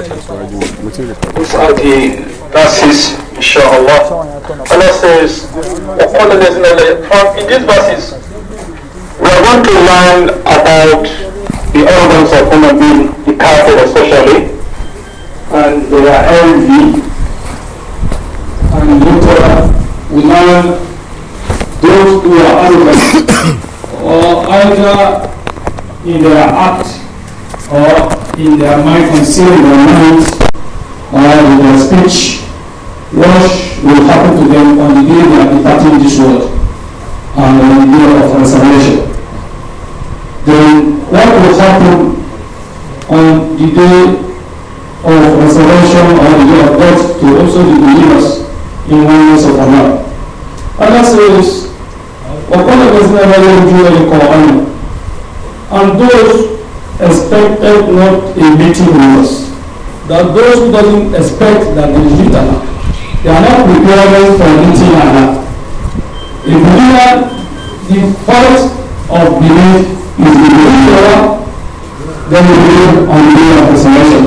inshallah. Allah says, from in these verses, we are going to learn about the elements of human beings, the character especially, and their envy and hatred. We learn those who are arrogant or either in their act or in their mind, conceal in their mind uh, with their speech what will happen to them on the day they are departing this world and uh, on the day of resurrection. Then what will happen on the day of resurrection or the day of death to also the believers in oneness of Allah? Allah says, وَقَالَ بِسْنَا وَلَا رُجُوَ لِقَوْعَنَا And those expected not a meeting with us. That those who doesn't expect that they meet Allah, they are not prepared for meeting Allah. A believer, the fault of belief is the believer, then we believe on the day of resurrection,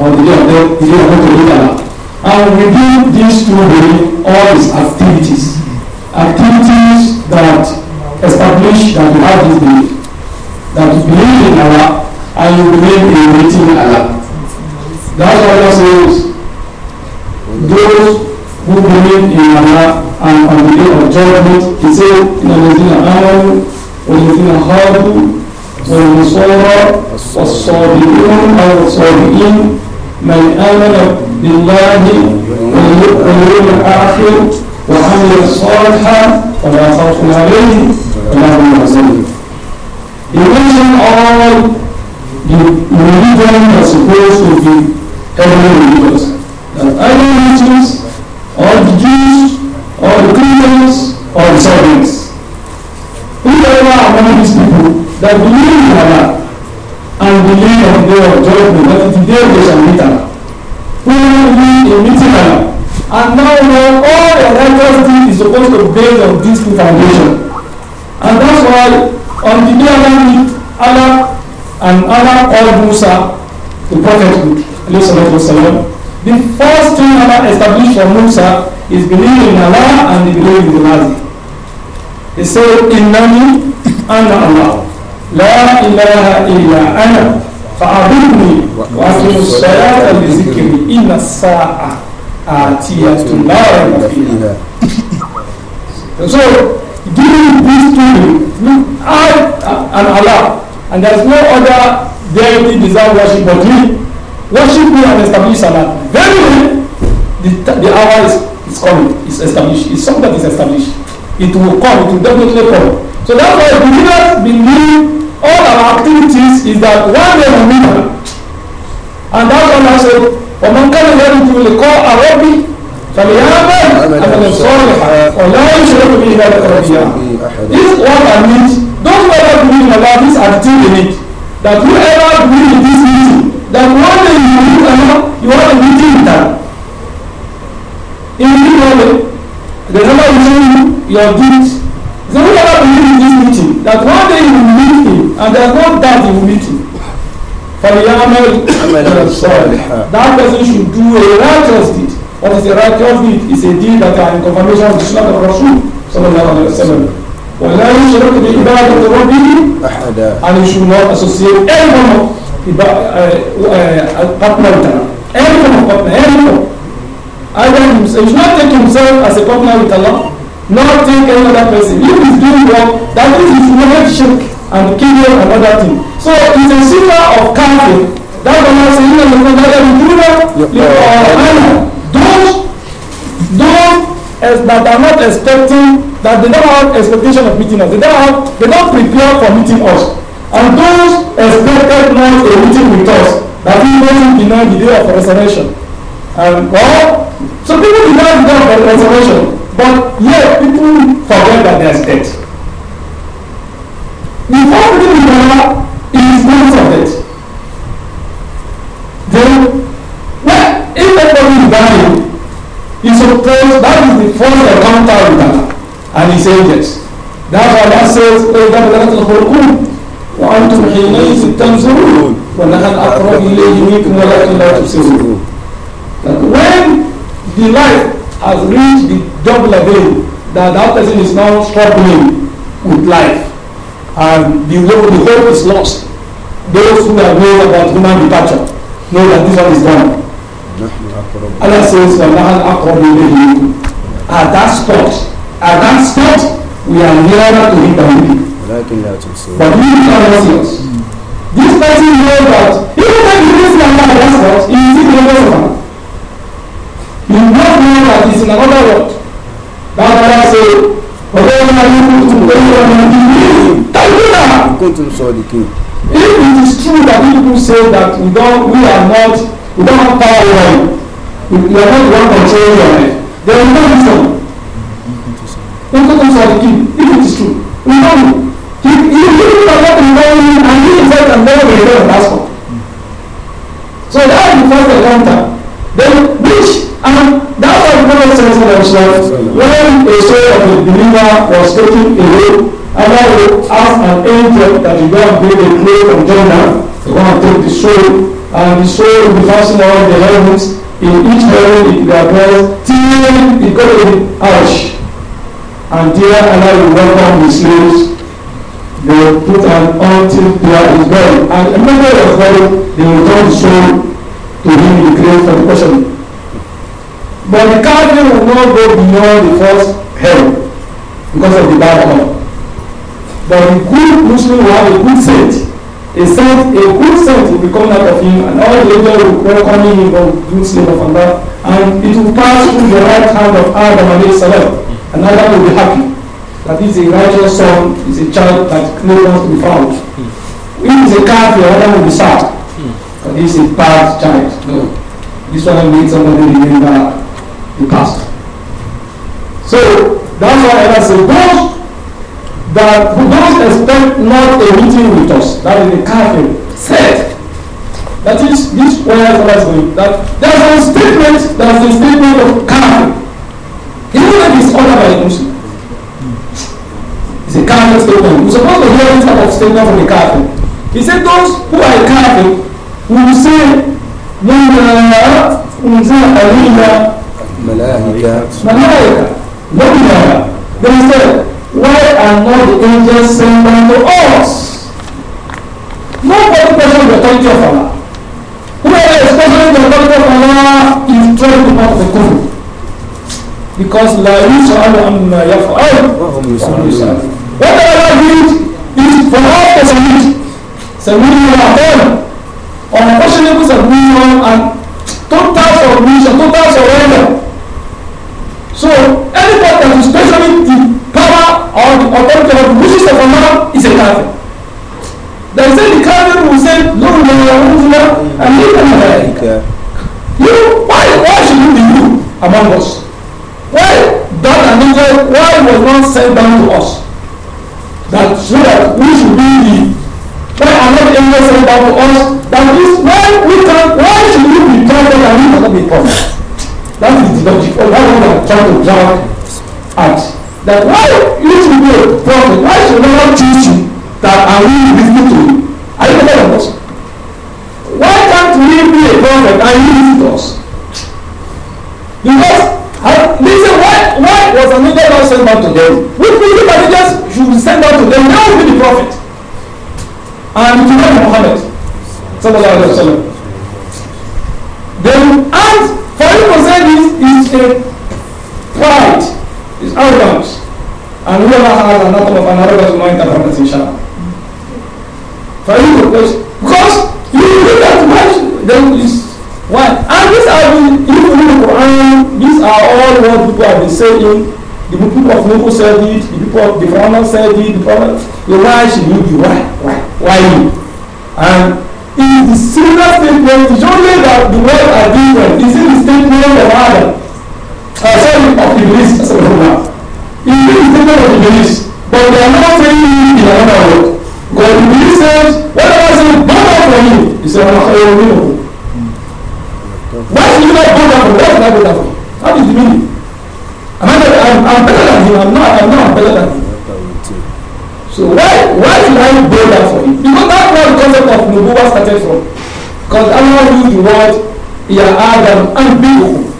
or the day of death, the day of the to meet Allah. And within these two believe all these activities, activities that establish that we have this belief. that believe in Allah and you believe in meeting Allah. That's what Allah says. Those who believe in Allah and on the day of judgment, He said, إِنَّ الَّذِينَ آمَنُوا وَالَّذِينَ هَادُوا وَالنَّصَارَى وَالصَّابِئُونَ أَوْ الصَّابِئِينَ مَنْ آمَنَ بِاللَّهِ وَالْيَوْمِ الْآخِرِ وَعَمِلَ صَالِحًا فَلَا خَوْفٌ عَلَيْهِمْ وَلَا هُمْ يَحْزَنُونَ erasing all the religion are supposed to be every religions, That either religions, or the Jews, or the Christians, or the Soviets. Whoever among these people that believe in Allah and believe on the day of judgment, that today they shall meet Allah. Who believe in meeting Allah and now know all the righteous deed is supposed to be based on this foundation. And that's why On the day Allah meet Allah and Allah called Musa, the prophet, the first thing Allah established for Musa is believing in Allah and believing in the Nazi. He said, Innani ana Allah, la ilaha illa ana, fa'abudni wa aqimu salata bi zikri inna sa'a atiyatun la fiha. So giving this to without an Allah and there is no other deity deserve worship but Him worship me and establish Salah very well the, the hour is, is coming it's established it's something that is established it will come it will definitely come so that's why believers believe all our activities is that one day we meet and that's why I said ومن كان يرجو لقاء ربه فليعمل عملا صالحا ولا يشرك بعبادة ربه This is what I mean. Don't ever believe in Allah. This are still in it. That whoever believe in this meeting, that one day you will meet Allah, you have a meeting with Allah. In this moment, the number will show you your deeds. So whoever believe in this meeting, that one day you will meet him, and there's no doubt you will meet him. فليعمل عملا صالحا. That person should do a righteous deed. What is the right of it? It's a deed that are in confirmation of the Sunnah of Rasul sallallahu alayhi wa sallam. ولا يشرك بعبادة ربه أحدا and you should not associate anyone of partner with Allah. anyone of partner anyone either himself you should not take himself as a partner with Allah not take any other person if he's doing wrong that means he's not shirk and and other thing so it's a signal of kafir That's that Allah says you know the Quran that you do not Those don't, eh, that are not expecting, that they don't have expectation of meeting us. They don't have, they don't prepare for meeting us. And those expected not a meeting with us, that he doesn't deny the day of resurrection. And well, so people deny the day of resurrection, but yet people forget that they expect. The fourth thing is nonsense. Then Daniel. He supposed that is the first encounter with Allah and his angels. That's why Allah says, إِذَا بَلَغَتِ الْخُلْقُونَ وأنتم حينئذ تنظرون ونحن أقرب إليه منكم ولكن لا تبصرون That when the life has reached the double veil, that that person is now struggling with life and the, the hope is lost. Those who are worried about human departure know that this one is gone. Allah says, Allah al At that spot, at that spot, we are nearer to him than we. But we are not yet. This person knows that even when he lives in another at he is in the of Allah. He does not know that he is in another world. That's why I say, وَقَوْلَا يُكُنْتُمْ غَيْرَ مَنْدِينِينَ تَيْبُنَا كُنْتُمْ صَادِقِينَ If it is true that people say that we, don't, we are not, we don't have power over you, you are not the one controlling your life there are no reason don't go the sadiqin if it is true we know you he he he is not that involved and he is not involved in the passport so that is the first encounter then which and that's why the prophet says to himself when a soul of a believer was taken away Allah will ask an angel that you go bring a clay from Jordan to go and take the soul and the soul will be fastened around the heavens in each burying their parents till the golden ouch, and there Allah will welcome the slaves they will put an until there is buried and a member of them they will turn the soul to him in the grave for the question but the cardinal will not go beyond the first hell because of the bad one but the good Muslim will have a good saint A saint, a good saint will become out of him, and all the angels will welcome him from good slave of Allah, and it will pass through the right hand of Adam alayhi salam, and Adam will be happy. That is a righteous son, is a child that no one to be found. If it's a kafir, Adam will be sad. But he's a bad child. No. This one made somebody remember the past. So that's why Allah said, that we don't expect not a meeting with us that is the cafe said that is this prayer scholars believe that there is a statement that is a statement of cafe. even if it's ordered by a it's a cafe statement you suppose to hear this type of statement from a cafe. he said those who are a cafe, will say لما أنزل علينا ملائكة ملائكة لما they said Why are not the angels sent down to us? Nobody questions the authority of Allah. Whoever is questioning the authority of Allah is trying to part the kufr. Because la yus'alu amma yaf'al wa hum yus'alun. What Allah did is for us to submit. Submit to Allah unquestionable submission and total submission, total surrender. So anybody that is questioning the or the authority of wishes of Allah is a kafir. They say the kafir will say, no, no, no, and leave the malaika. You, why, why should you be you among us? Why that and Israel, why was not sent down to us? That so that we should be the, why are not angels sent down to us? That is why we can, why should we be prophet and we cannot be prophet? That is the logic of what we are trying to drive at that why if you know prophet why should no one teach you that and we listen to you are you better than us why can't we be a prophet and you listen us because uh, listen why why was another one sent out to them which means that just should be sent out to them now be the prophet and you know Muhammad sallallahu alaihi wasallam then and for him to say this is a pride outcomes. And whoever has an outcome of another person will interpret inshallah. For you, because, you do that much, then it's why? And these are the, even in the Quran, these are all what people have been saying. The people of Nuku said it, the people of the Quran said it, the Prophet. Why should you be? Why? Why? Why you? And in the similar statement, it's only that the world are different. It's in the statement of Adam uh, sorry of the beliefs as a program he is taken of the beliefs but they are not saying it in another word but the belief says whatever I say bow down for me he said well I will win why should you not bow down for me why should I bow down for you? that is the meaning I'm, I'm, I'm better than you. I'm not I'm not better than you. so why why should I bow down for you? because that's where the concept of nubuwa started from because Allah knew the world ya Adam and people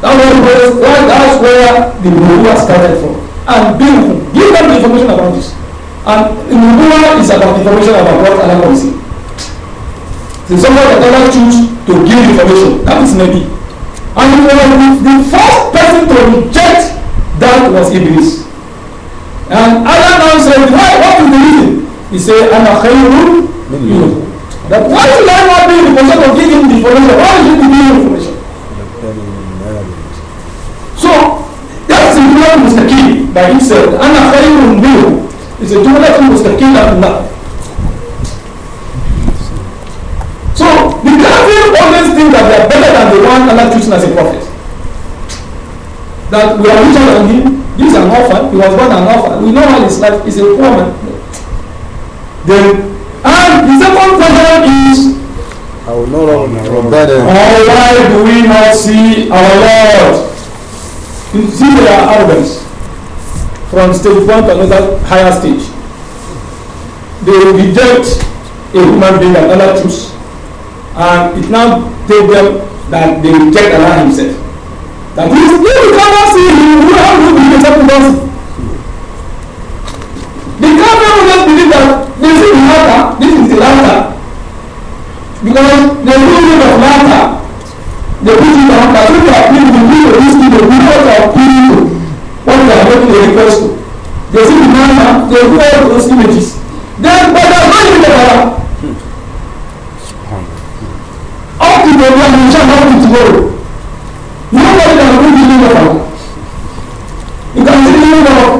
That was where, well, that's where the Nubuwa started from. And being give them the information about this. And Nubuwa is about information about what Allah wants to The somebody that Allah choose to give information. That is Nabi. And he was the first person to reject that was Iblis. And Allah now said, why, what is the reason? He said, I'm a minhu. That why should I not be in the position of giving information? Why should you give information? So that's the Jumlatul Mustaqim by himself. Ana khayrun minhu is a Jumlatul Mustaqim Allah. So the Kafir always think that they are better than the one Allah chooses as a prophet. That we are richer than him. This is an orphan. He was born an orphan. We know how his life is a poor man. Then, and the second problem is our Lord. Our Lord. Why do we not see our Lord? You see their arrogance from stage one to another higher stage. They reject a human being that Allah choose. And it now tells them that they reject Allah himself. That means if you cannot see him, you have to believe that person. They can't even just believe that this is the latter, this is the latter. Because they no need of matter. The reason I'm that people are being the these people because of people when they are making the request They see the man now, they do all those images. Then, but there's no limit of Allah. Up to the one who shall not be tomorrow. Nobody can bring the limit of Allah. You can see the limit of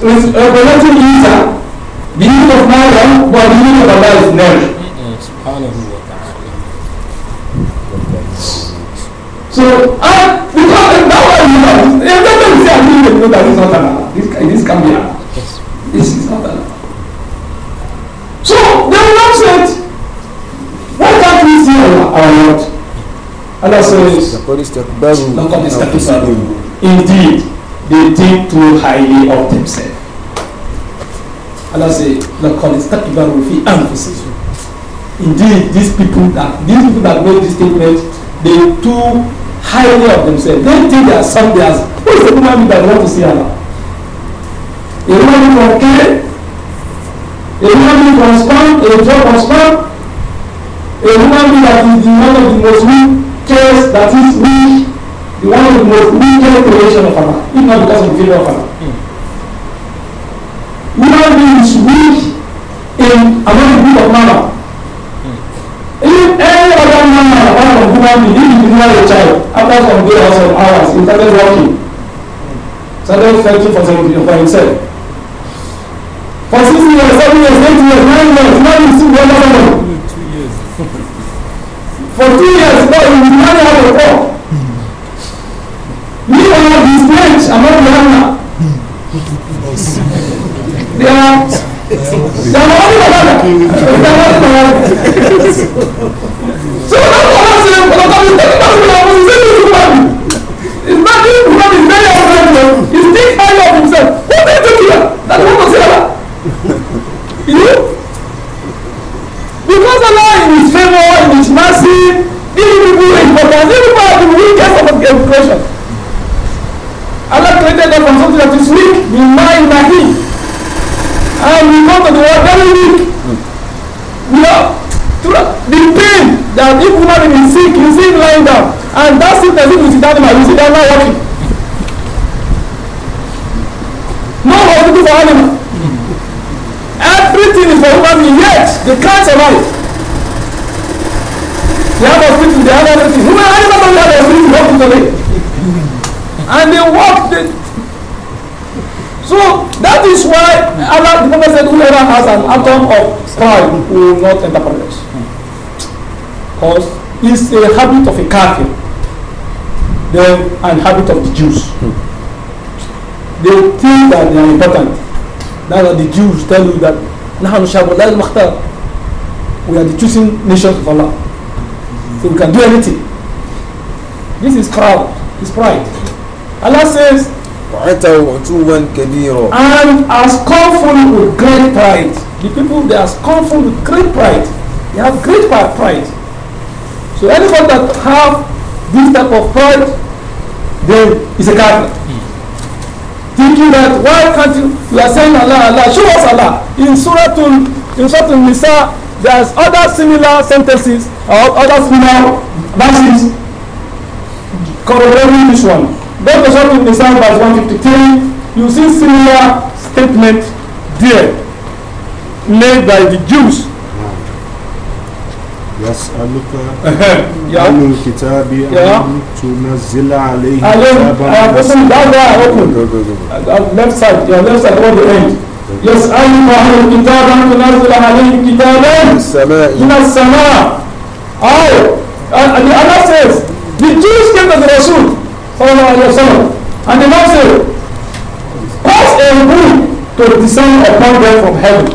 uh, representing Isa, the limit of Naira, but the limit of Allah is never. Indeed, they think too highly of themselves. Allah say, Indeed, these people that these people that make this statement, they too highly of themselves. They think they are something else. Who is the human being that want to see Allah? A human being from Cain, a human being from sperm, a drop from sperm, a human being that is the one of the most weak case that is weak, the one with the most wicked creation of Allah, if not because of the failure of Allah. Mm. Human beings weak in among group of mammals. If any other mama, apart from human being, if you are a child, after some days or some hours, he started walking. Hmm. Started fighting for, for himself. For six years, seven years, eight years, nine years, now you see the other one for two years but we will marry out of four me and my his friends are not the hammer they are they are not the hammer they are not the hammer. still believe with that animal you see that not working no hospital for animal everything is for human being yet they can't survive they have hospital they have everything human animal don't have hospital they have today and they work they so that is why Allah the Prophet said whoever has an atom of pride will not enter paradise because it's a habit of a kafir them and habit of the Jews. They think that they are important. Now that the Jews tell you that we are the choosing nations of Allah. So we can do anything. This is proud. It's pride. Allah says, and are scornful with great pride. The people, they are scornful with great pride. They have great pride. So anyone that have this type of pride, then is a kafir. Thinking that why can't you, you are saying Allah, Allah, show us Allah. In Surah in Surah Nisa, there's other similar sentences or other similar verses corroborating this one. Go to Surah Nisa verse one fifty three, you see similar statement there made by the Jews yas'aluka nínú kìtàbí àwọn tunazila alayhi kitaban àkọsílẹ̀ dáadáa àrọ́kùn left side your left side all the end yas'aluka àwọn kìtàbí àwọn tunazila alayhi kitaban min as-sama' aw oh, uh, the Allah says the Jews came to the Rasul sallallahu alayhi wa sallam and the man said pass a book to descend upon them from heaven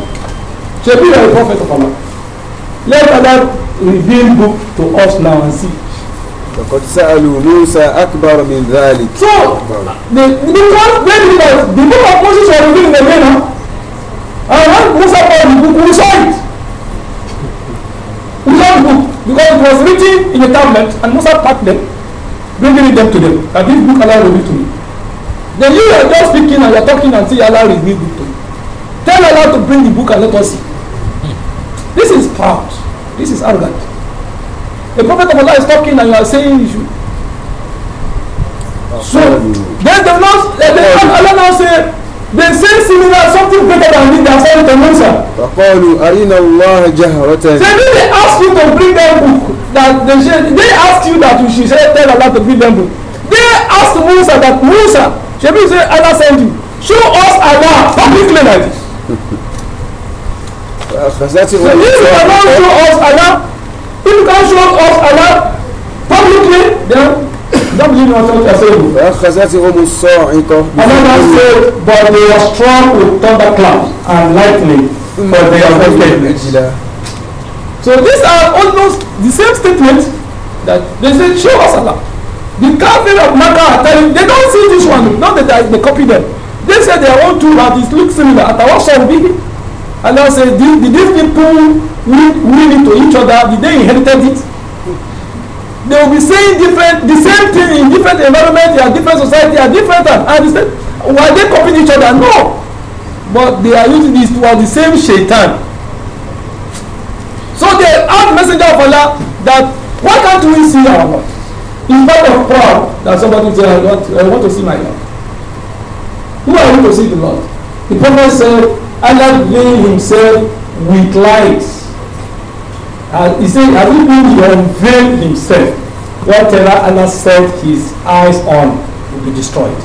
shebi you are the prophet of Allah later that reveal book to us now and see. Laqad sa'alu Musa akbar min dhalik. So, the, the one when the, the book of Moses was revealed in the rain, and when Musa bought the book, we saw it. We saw the book because it was written in a tablet and Musa packed them, bringing them to them. And this book Allah reveal to me. Then you are just speaking and you are talking and say Allah revealed book to me. Tell Allah to bring the book and let us see. This is proud. This is arrogant. The Prophet of Allah is talking and you are saying you should. So then they not they, Allah now say they say similar something greater than me they are saying to Musa. فقالوا أرنا الله جهرة. So then they ask you to bring them book that they should, they ask you that you should say tell Allah to bring them book. They ask Musa that Musa, Shebi say Allah send you. Show us Allah publicly like this. so if you cannot show us Allah, if you can't show us Allah publicly, then don't believe in what you are saying. فأخذتهم الصاعقة Allah now said, but they are strong with thunderclap and lightning, hmm. but they are wicked. So these are almost the same statement that they say, show us Allah. The kafir of Makkah are telling they don't see this one, not that they, they copy them. They say their own two that is look similar. Atawassaw bihi And Allah said, did, did these people mean it to each other? Did they inherited it? They will be saying different, the same thing in different environments, in different society, at different time. And the same, were they copying each other? No. But they are using this towards the same shaitan. So they ask messenger of Allah that why can't we see our Lord? In part of proud that somebody say, I want, I want to see my Lord. Who are you to see the Lord? The prophet said, Allah veiled himself with light. And he said, "Have he been unveiled himself? Whatever Allah set his eyes on will be destroyed.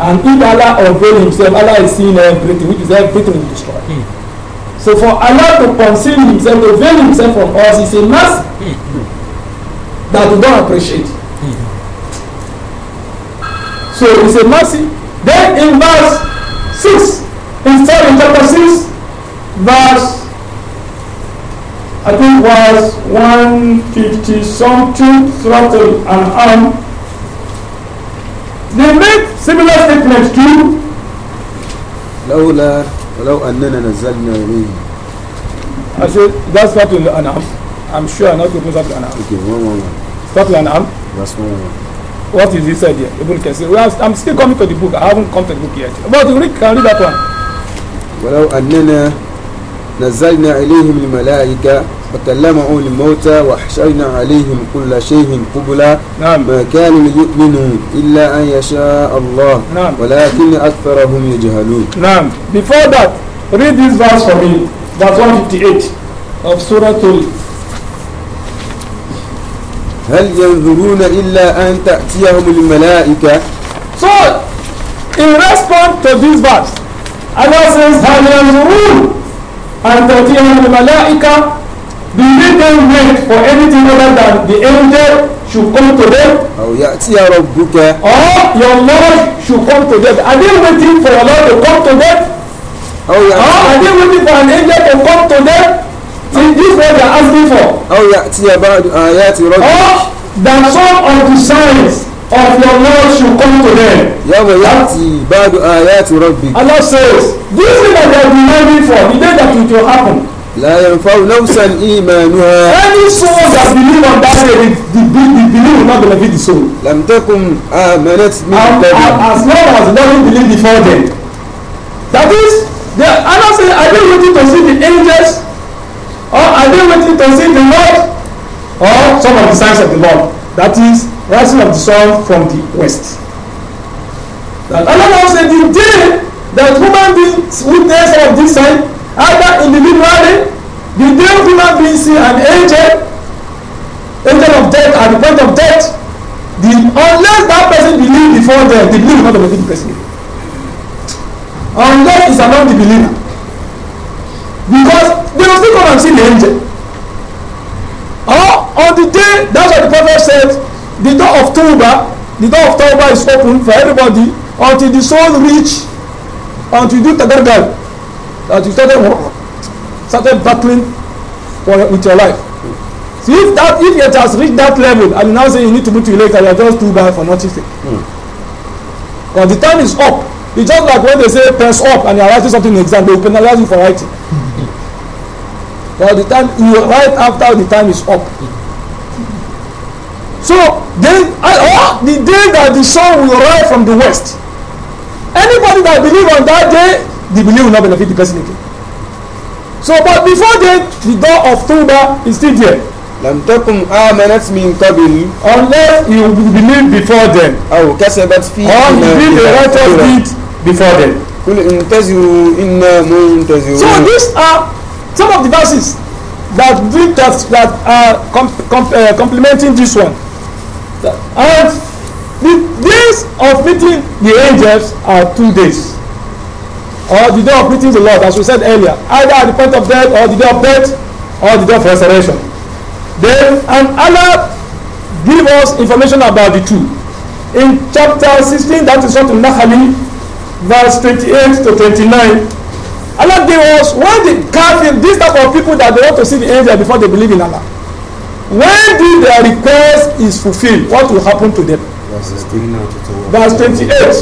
And if Allah unveiled himself, Allah is seeing everything, which is everything will be destroyed. So for Allah to conceal himself, to veil himself from us, is a mercy that we don't appreciate. So it's a mercy. Then in verse 6, Instead, in chapter 6, verse, I think was 150 something, throttle and arm, they make similar statements to لولا ولو أننا نزلنا إليه I said that's not in Anam. I'm sure not to put that Anam. Okay, one one one. Start Anam. That's one one. What is he said here? Ibn Kassir. Well, I'm still coming to the book. I haven't come to the book yet. But you can read that one. ولو أننا نزلنا إليهم الملائكة وكلمهم الموتى وحشينا عليهم كل شيء قبلا نعم. ما كانوا ليؤمنوا إلا أن يشاء الله نعم. ولكن أكثرهم يجهلون نعم Before that, read this verse for me, verse 158 of Surah هل ينظرون إلا أن تأتيهم الملائكة So, in response to this verse, Allah says, Hayyazurun, and that he and the Malaika, the they then wait for anything other than the angel should come to them? Oh, yeah. Or your Lord should come to them. Are they waiting for your Lord to come to them? Oh, yeah. Or are they waiting for an angel to come to them? See, this is what they're asking for. Oh, yeah. it's your Or that some of the signs of your Lord should come to them. Yahweh Yati Badu Ayati Rabbi. Allah says, this is what they are demanding for, the day that it will happen. لا ينفع نفسا إيمانها Any soul that believe on that day, the, the, the belief will not benefit the soul. لم تكن آمنت من قبل. As long as they don't believe before them. That is, they, Allah says, are they waiting to see the angels? Or are they waiting to see the Lord? Or some of the signs of the Lord? That is, rising of the sun from the west. That Allah now said the day that human beings witness of this sign, either individually, the day of human beings see an angel, angel of death at the point of death, the, unless that person believe before them, the belief is not the person. Unless it's among the believer. Because they will still come and see the angel. Or on the day, that's what the prophet said, the door of Tawbah, the door of Tawbah is open for everybody until the soul reach, until you do tagargal, that you started, started battling for, with your life. So if that if it has reached that level and you now say you need to move to Ileka, you are just too bad for nothing. Mm. But the time is up. It's just like when they say press up and you're writing something in exam, they will penalize you for writing. but the time you write after the time is up. So then, oh, the day that the sun will rise from the west, anybody that believe on that day, the belief will not benefit the person again. So, but before then, the door of Tuba is still there. لم تكن آمنت من قبل unless you believe before them أو كسبت في or you believe the righteous deed before them قل انتظروا إنا منتظرون so these are some of the verses that that that are comp comp uh, complementing this one and the days of meeting the angels are two days or the day of meeting the Lord as we said earlier either at the point of death or the day of death or the day of resurrection then and Allah give us information about the two in chapter sixteen, that is what Nahali verse twenty-eight to twenty-nine. Allah gave us when the kafir this type of people that they want to see the angel before they believe in Allah when the, their request is fulfilled what will happen to them verse twenty-eight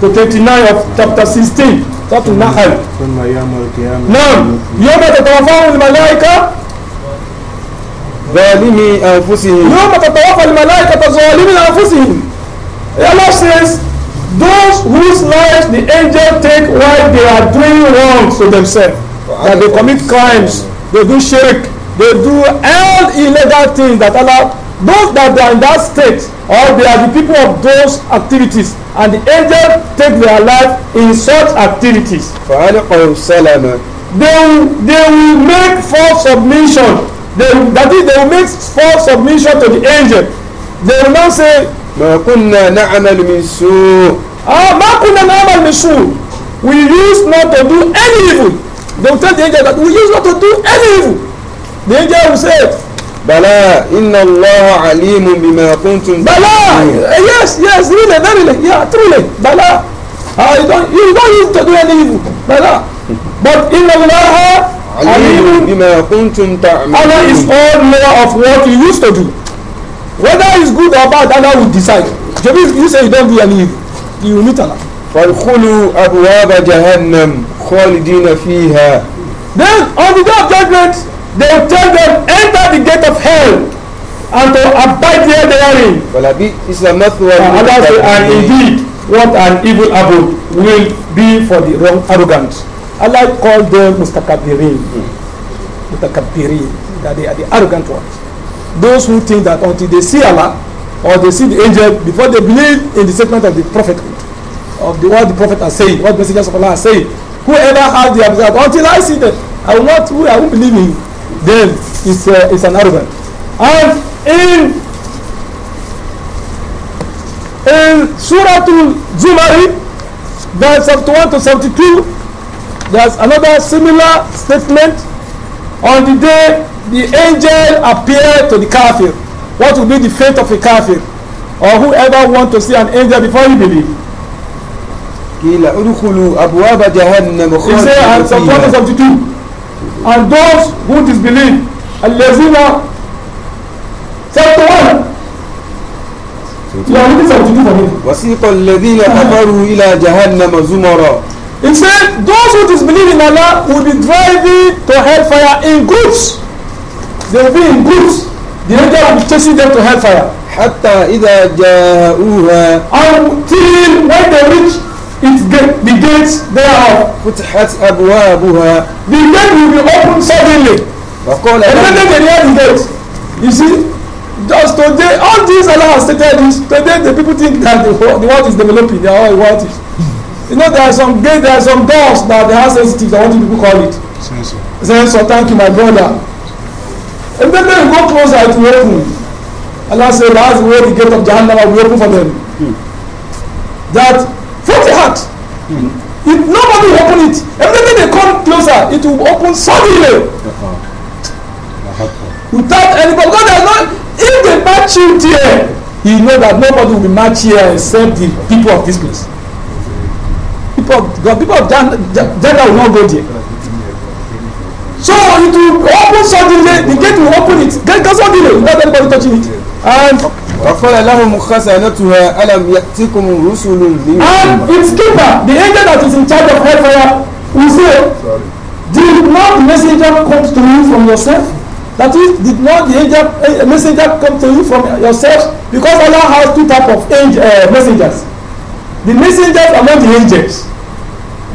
to twenty-nine of chapter sixteen not sọ́tún náhàl náà yóò bá tẹ̀tẹ̀ wọ́n fáwọn ìmàláìka zalimi anfusihim yóò bá tẹ̀tẹ̀ wọ́n fáwọn ìmàláìka tó zalimi anfusihim Allah says those whose lives the angel take while they are doing wrong to themselves that they commit crimes they do shirk they do all illegal things that allow those that are in that state or they are the people of those activities and the angel take their life in such activities. fàálẹ́kọ̀ọ́ sálàmà. they will they will make false submission they will, that is they will make false submission to the angel they will now say. ما كنا نعمل من سوء. ah ما كنا نعمل من سوء we use not to do any evil they will tell the angel that we use not to do any evil níjẹ́ hussein bala inna allah alimu bima kuntum bala yes yes really verily yeah truly bala uh, you don't you don't need to do any evil bala but inna allah alimu bima kuntum ta'malun allah is all knower of what you used to do whether it's good or bad allah will decide jabi you say you don't do any evil you will meet allah فادخلوا أبواب جهنم خالدين فيها then on the day of judgment they will tell them enter the gate of hell and to abide there therein. Walabi Islam not one. Uh, Allah say and indeed what an evil abode will be for the wrong arrogant. Allah call them mustakabirin. Mm. Mustakabirin that they are the arrogant ones. Those who think that until they see Allah or they see the angel before they believe in the statement of the prophet of the what the prophet has said what messengers of Allah has said whoever has the observe until I see them I will not I will believe in you then it's, uh, it's an arrogance. And in in Surah Al-Zumari, verse 71 to 72, there's another similar statement. On the day the angel appeared to the kafir, what will be the fate of a kafir? Or whoever want to see an angel before you believe. قيل ادخلوا أبواب جهنم خالدين فيها. He said, and some 72. and those who disbelieve الذين سبتوها يعني وسيق الذين كفروا إلى جهنم زمرا He said, those who disbelieve in Allah will be driving to hellfire in groups. They will be in groups. The angel will be chasing them to hellfire. حتى إذا جاءوها until when they reach its gate, the gates thereof. فتحت أبوابها. The gate will be opened suddenly. وقال and then they the gates. You see, just today, all these Allah has stated this. Today the people think that the world, the world is developing. They are all what is. You know, there are some gates, there are some doors that they are sensitive. I what do people call it? Sensor. Sensor. Thank you, my brother. And then they go closer to open. Allah said, that's where the gate of Jahannam will be open for them. Hmm. That hand. Mm. It, nobody open it. everything day they come closer, it will open suddenly. Without anybody, God has not. If they match you there, you know that nobody will be matched here except the people of this place. People of God, people of Jan, will not go there. So it will open suddenly. The gate will open it. Get suddenly without anybody touching it. And غفر لهم خزنتها ألم يأتكم رسل منكم And its keeper, the angel that is in charge of hellfire, will say, Did not the messenger come to you from yourself? That is, did not the angel, uh, messenger come to you from yourself? Because Allah has two types of angel, uh, messengers. The messengers are not the angels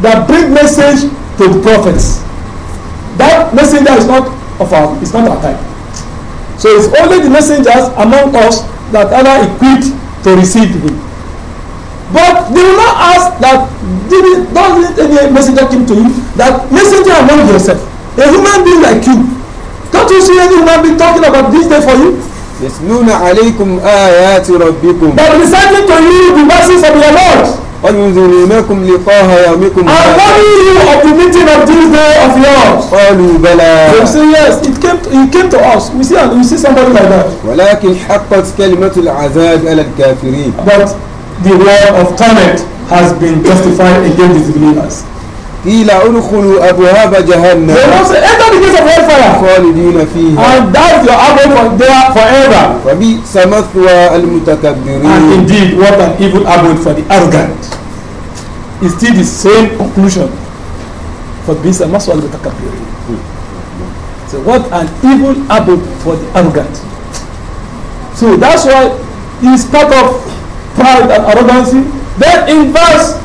that bring message to the prophets. That messenger is not of our, is not our type. So it's only the messengers among us that Allah equipped to receive him. But they will not ask that didn't, does any messenger came to you that messenger among yourself, a human being like you. Can't you see any human being talking about this day for you? يتلون عليكم آيات ربكم. But reciting to you the verses of your Lord. وَنُذِيقَكُمْ لِقَاءَ يَوْمِكُمْ هَذَا you of of this day of yours. قَالُوا بَلَى They say yes, it came it came to us. We see, we see somebody like that. وَلَكِنْ حَقَّتْ كَلِمَةُ الْعَذَابِ عَلى الْكَافِرِينَ But the word of torment has been justified against the believers. قيل ادخلوا أبواب جهنم They will say enter the gates of hellfire خالدين فيها and that's your abode from there forever وبئس مثوى المتكبرين And indeed what an evil abode for the arrogant It's still the same conclusion for بئس مثوى المتكبرين So what an evil abode for the arrogant So that's why it's part of pride and arrogancy then in verse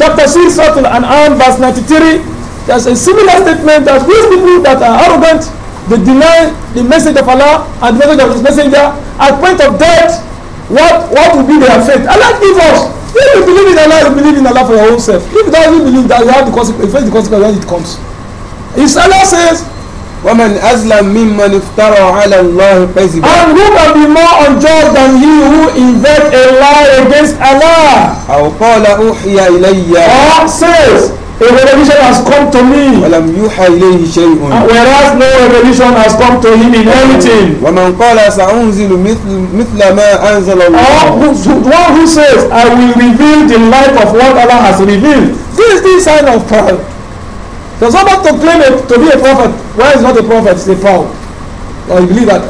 chapter 6, Surah Al-An'am, verse 93, there's a similar statement that these people that are arrogant, they deny the message of Allah and the message of His messenger at point of death. What what will be their fate? Allah give us. If you believe in Allah, you believe in Allah for your own self. If you don't believe that, you have the consequence, you face the consequence when it comes. If Allah says, ومن أظلم ممن افترى على الله كذبا And who can be more unjust than he who invent a lie against Allah? أو قال أوحي إلي Or says a revelation has come to me. ولم يوحى إليه شيء. Whereas no revelation has come to him in anything. ومن قال سأنزل مثل مثل ما أنزل الله. Or one who says I will reveal the light of what Allah has revealed. This is the sign of pride. So somebody to claim it, to be a prophet, Why is not a prophet, It's a fraud. Or you believe that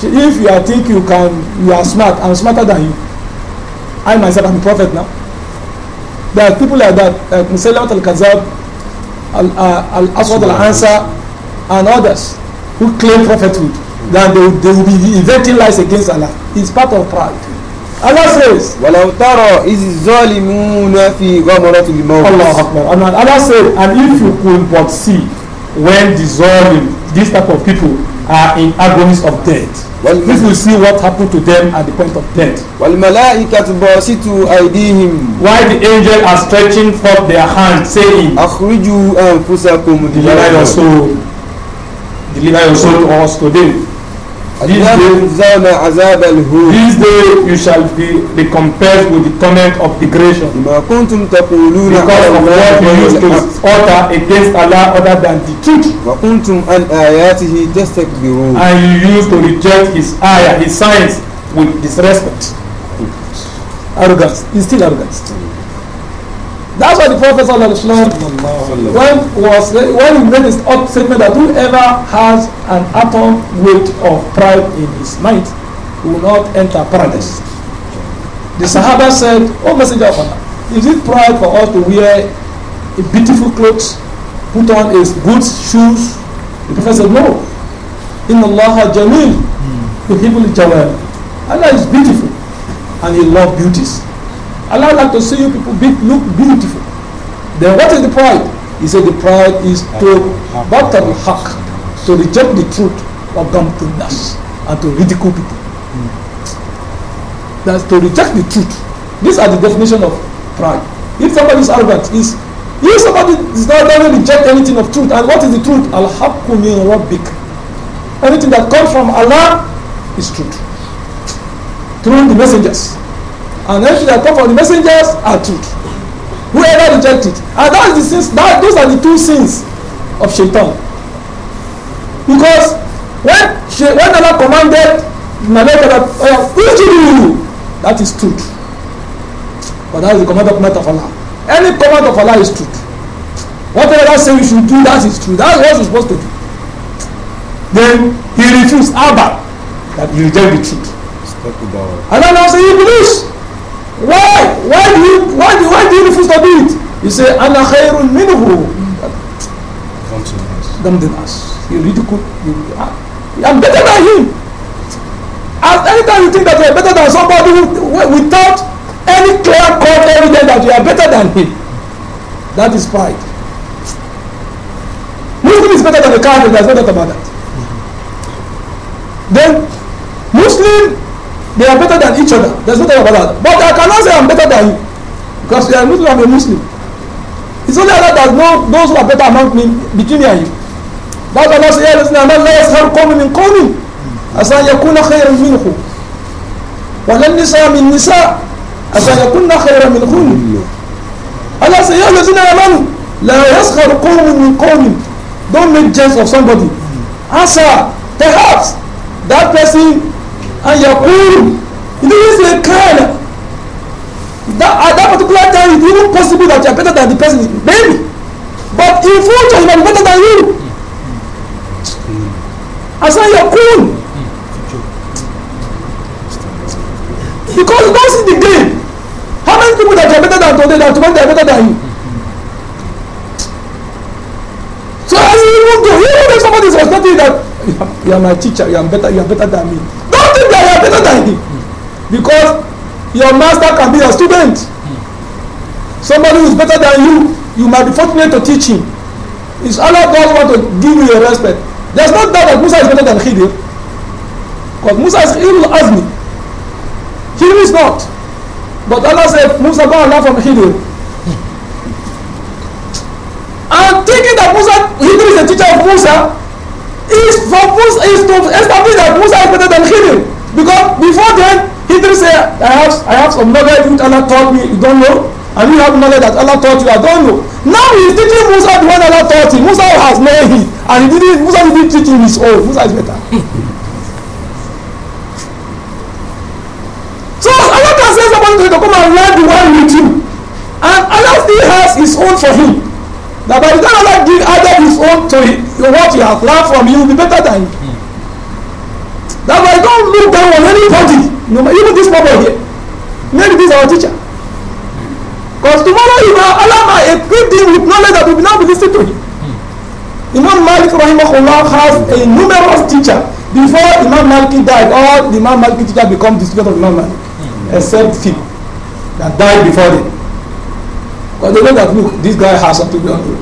if you are think you can, you are smart, I'm smarter than you. I myself am a prophet now. There are people like that, like Musaylamat al-Kazab, uh, al-Aswad al-Ansa, and others who claim prophethood. Then they, they will be inventing lies against Allah. It's part of pride. Allah says, Walau tara izi zalimuna fi ghamaratil maut. Allah Akbar. And Allah said, and if you could but see when dissolving, these type of people, are in agonies of death. If you see what happened to them at the point of death. وَالْمَلَائِكَةُ بَاسِطُوا أَيْدِيهِم Why the angels are stretching forth their hands, saying, أَخْرِجُوا أَنفُسَكُمْ Deliver your soul. Deliver your soul to us today. This day, this day you shall be, be compared with the torment of degradation. Because of what you used to utter against Allah other than the truth. And you used to reject his ayah, his signs with disrespect. Hmm. Arrogance. It's still arrogance. Hmm. That's why the Prophet when was when he made his statement that whoever has an atom weight of pride in his mind will not enter paradise. The Sahaba said, "O oh, Messenger of Allah, is it pride for us to wear beautiful clothes, put on his good shoes?" The Prophet said, "No. In Allah Jamil, the people Jawab. Allah is beautiful, and He loves beauties." Allah like to see you people be, look beautiful. Then what is the pride? He said the pride is to battle batal haq, to reject the truth of Gamkundas and to ridicule people. Mm. That's to reject the truth. These are the definition of pride. If somebody is arrogant, is if somebody is not going to reject anything of truth, and what is the truth? Al haqqu min rabbik. Anything that comes from Allah is truth. Through the messengers and those that come from the messengers are true. whoever reject it and that is the sins that those are the two sins of shaitan because when she when Allah commanded Malaika that uh, oya ujudu that is true. but that is the command of not of Allah any command of Allah is true. whatever God say you should do that is true that is what you suppose to do then he refuse abba that he reject the truth And Allah say he believe. Why? Why do you why do why do you refuse to do it? You say, Ana khairun minhu. Something else. You ridicule. You, ah, I'm better than him. At any time you think that you are better than somebody without any clear cut evidence that you are better than him, that is pride. Muslim is better than the Catholic, there's no doubt about that. Then, Muslim They are better than each other. There's nothing about that. But I cannot say I'm better than you. Because you are a Muslim, I'm a Muslim. It's only Allah that know those who are better among me, between me and you. Allah why Allah says, يا الذين har لا min قوم من ya عسى أن min خيرا منهم ولا min nisa. نساء ya أن يكون min منهم Allah says, يا الذين آمنوا لا har قوم min قوم Don't make jest of somebody. Answer, perhaps that person and Yaqul. It means they can. That, at that particular time, it's even possible that you are better than the person. Maybe. But in future, you might be better than you. As I Yaqul. Because you don't see the day. How many people that are better than today that tomorrow they are better than you? So as you move to, even if somebody is respecting that, you are, you are my teacher, you are better, you are better than me better than him because your master can be your student somebody who is better than you you might be fortunate to teach him it's Allah God want to give you your respect there's no doubt that Musa is better than Khidir because Musa is evil me. Khidir is not but Allah said Musa go and learn from Khidir and thinking that Musa Khidir is a teacher of Musa is for Musa is to establish that Musa is better than Khidir Because before then, he Hitler say, I have, I have some knowledge which Allah taught me, you don't know. And you have knowledge that Allah taught you, I don't know. Now he is teaching Musa the one Allah taught him. Musa has known him. And he did it. Musa didn't teach him his own. Musa is better. so Allah can say somebody to come and learn the one with you. And Allah still has his own for him. Now by the time Allah gives Adam his own to what he has learned from you will be better than him. That I don't look down on anybody. No, even this people here. Maybe this is our teacher. Because tomorrow you if Allah might equip him with knowledge that will now be listening to him. Imam Malik Rahimahullah has a numerous teacher. Before Imam Malik died, all the Imam Malik teacher become the student of Imam Malik. Except few that died before him. Because they know that look, this guy has something to do.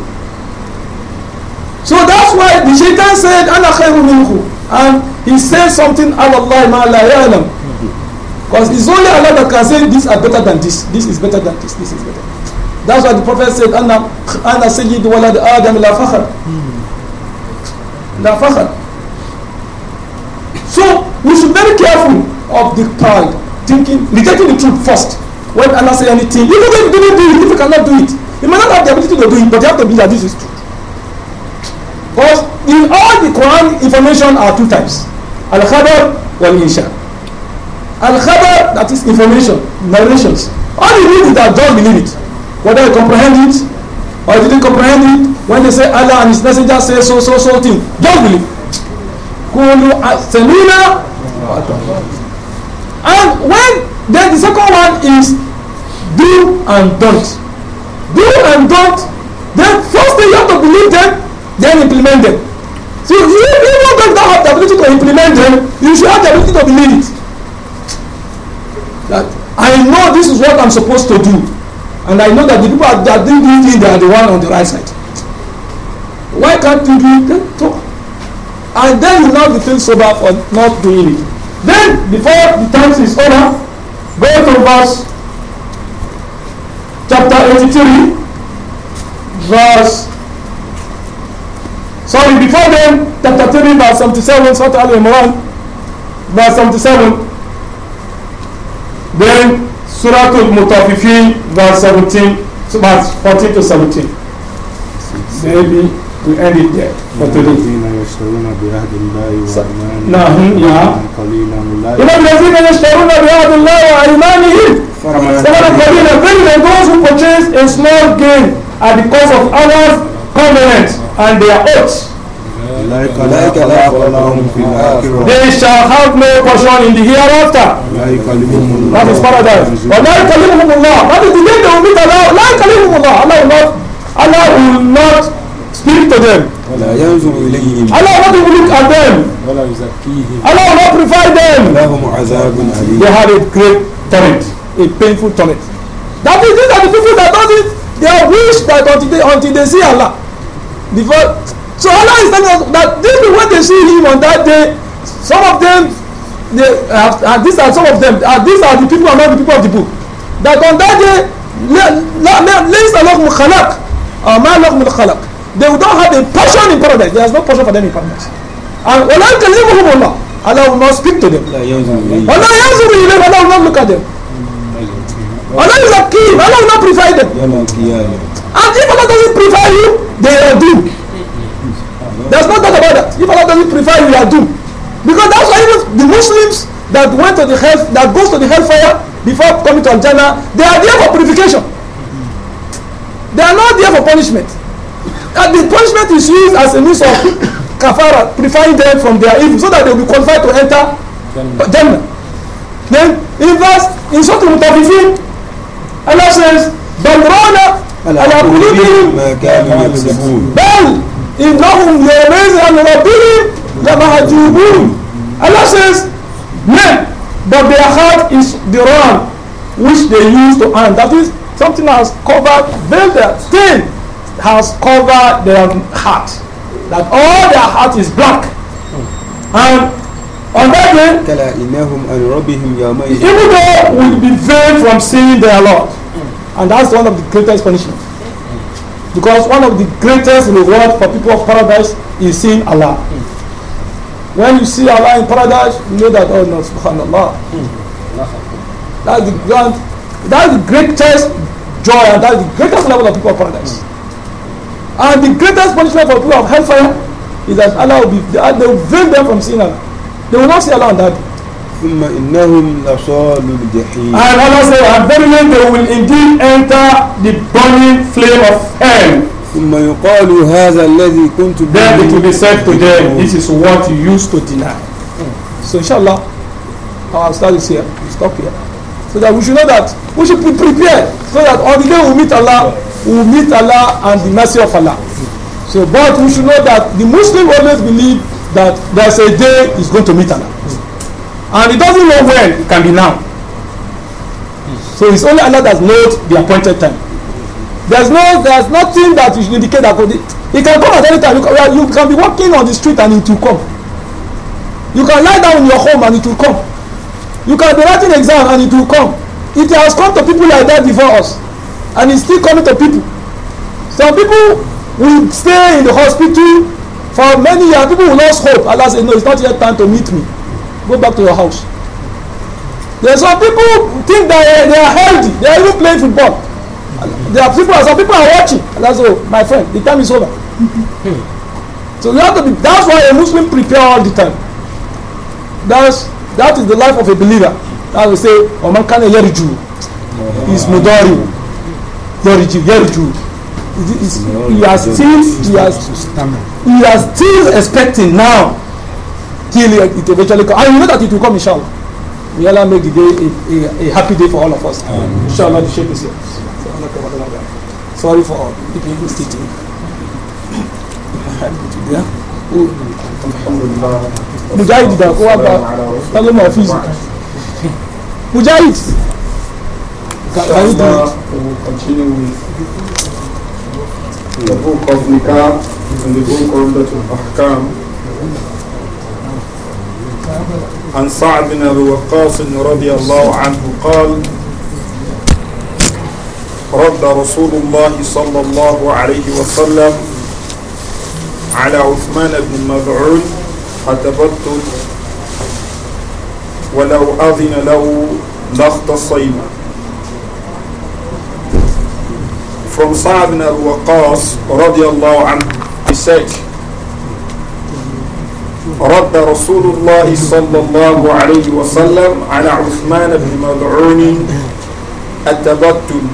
So that's why the Shaitan said, Ana khairu minhu. And he says something, Allah ma Because it's only Allah that can say these are better than this, this is better than this, this is better. That's why the Prophet said, Anna, Anna Sayyid walad Adam la fakhr. La fakhr. So we should be very careful of the pride, thinking, rejecting the truth first. When Allah say anything, even if you do not do it, if you cannot do it, you may not have the ability to do it, but you have to believe that this is true. Because in all the Quran information are two types al-khabar wal insha al-khabar that is information narrations all you need is that John believe it whether you comprehend it or you didn't comprehend it when they say Allah and his messenger say so so so thing just believe kulu asemina and when then the second one is do and don't do and don't then first thing you have to believe them then implement them So if you, if you don't have the ability to implement them, you should have the ability to believe it. That I know this is what I'm supposed to do. And I know that the people that did this thing, they are the one on the right side. Why can't you do it? Talk. And then you now be feel sober for not doing it. Then, before the time is over, go to verse chapter 83, verse Sorry, before them, chapter 3, verse 77, Surah Al Imran, verse twenty-seven. Then, Surah Al Mutafifin, verse so verse 14 to seventeen. Maybe we end it there for today. نعم نعم إن الذين يشترون Wa الله وأيمانهم ثمنا قليلا then they those who purchase a small gain at the cost of others covenant and their oath. They shall have no portion in the hereafter. That is paradise. But like Allah, that is the day they will meet Allah. Like Allah, Allah will not, Allah will not speak to them. Allah will not even look at them. Allah will not provide them. They have a great torment, a painful torment. That is these are the people that does it. They wish that until they, until they see Allah before so Allah is telling us that these people when they see him on that day some of them they have uh, these are some of them uh, these are the people among the people of the book that on that day ليس لهم خلق أو ما لهم الخلق they don't have a portion in paradise there is no portion for them in paradise and ولا يكلمهم الله Allah will not speak to them Allah ينظر إليهم Allah will not look at them Allah is a king Allah will not provide them and if Allah doesn't provide you they are doomed there is no doubt about that if Allah doesn't provide you you are doomed because that's why even the Muslims that went to the hell that goes to the hellfire before coming to Jannah they are there for purification they are not there for punishment and the punishment is used as a means of kafara purifying them from their evil so that they will be qualified to enter Jannah. Then in verse in Surah Al-Mutafifin Allah says, Balrona alakulibihim bal innahum yawmayzin an rabbihim lamahjubun. Allah says, men, but their heart is the rod which they use to earn. That is, something has covered, veiled their skin has covered their heart. That all their heart is black. And on that day, even though we'll be veiled from seeing their Lord. And that's one of the greatest punishment. Because one of the greatest reward for people of paradise is seeing Allah. When you see Allah in paradise, you know that, oh no, subhanAllah. That's the grand, that's the greatest joy and that's the greatest level of people of paradise. And the greatest punishment for people of hellfire is that Allah will be, they will veil them from seeing Allah. They will not see Allah on that day. ثم إنهم لصالوا الجحيم. And Allah said, and verily they will indeed enter the burning flame of hell. ثم يقال هذا الذي كنت به. Then it will be said to them, this is what you used to deny. Mm. So inshallah, our studies here, we stop here. So that we should know that we should be prepared so that on the day we meet Allah, we will meet Allah and the mercy of Allah. So, but we should know that the Muslim always believe that there's a day is going to meet Allah. Mm and he doesn't know when it can be now so it's only Allah that knows the appointed time there's no there's nothing that you should indicate that it can come at any time you can, you can be walking on the street and it will come you can lie down in your home and it will come you can be writing exam and it will come it has come to people like that before us and it's still coming to people some people will stay in the hospital for many years people will lose hope Allah say no it's not yet time to meet me go back to your house there are some people think that uh, they are healthy they are even playing football there are people some people are watching and that's all my friend the time is over so you have to be that's why a muslim prepare all the time that's that is the life of a believer as we say ọmọ kan He is mudori yariju yariju he has still he has he has still expecting now till it eventually comes. And you know that it will come, inshallah. May Allah make the day a, a, a happy day for all of us. Amen. Inshallah, the shape is here. Sorry for all the people who stayed here. Mujahid da kowa ba ta zama ofis Mujahid can you do it? We will continue with the book of Nikah and the book of the Ahkam عن سعد بن أبي وقاص رضي الله عنه قال رد رسول الله صلى الله عليه وسلم على عثمان بن مذعون التبتل ولو أذن له لاختصينا From Sa'd ibn al-Waqas radiallahu anhu, he said, رد رسول الله صلى الله عليه وسلم على عثمان بن مدعون التبتل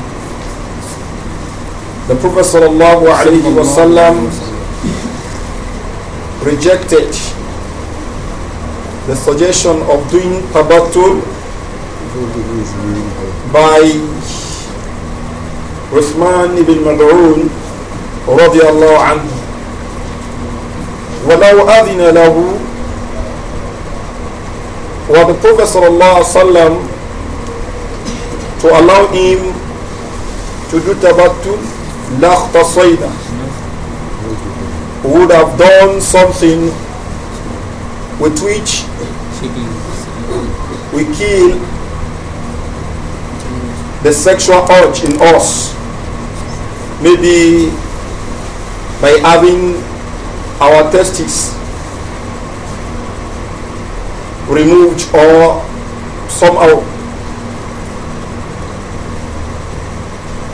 The Prophet صلى الله عليه وسلم rejected the suggestion of doing tabattul by Uthman ibn Mad'un رضي الله عنه وَلَوْ أَذِنَ لَهُ What the Prophet sallallahu alaihi wasallam to allow him to do tabattu لَاخْتَصَيْدَ would have done something with which we kill the sexual urge in us maybe by having our testes removed or somehow.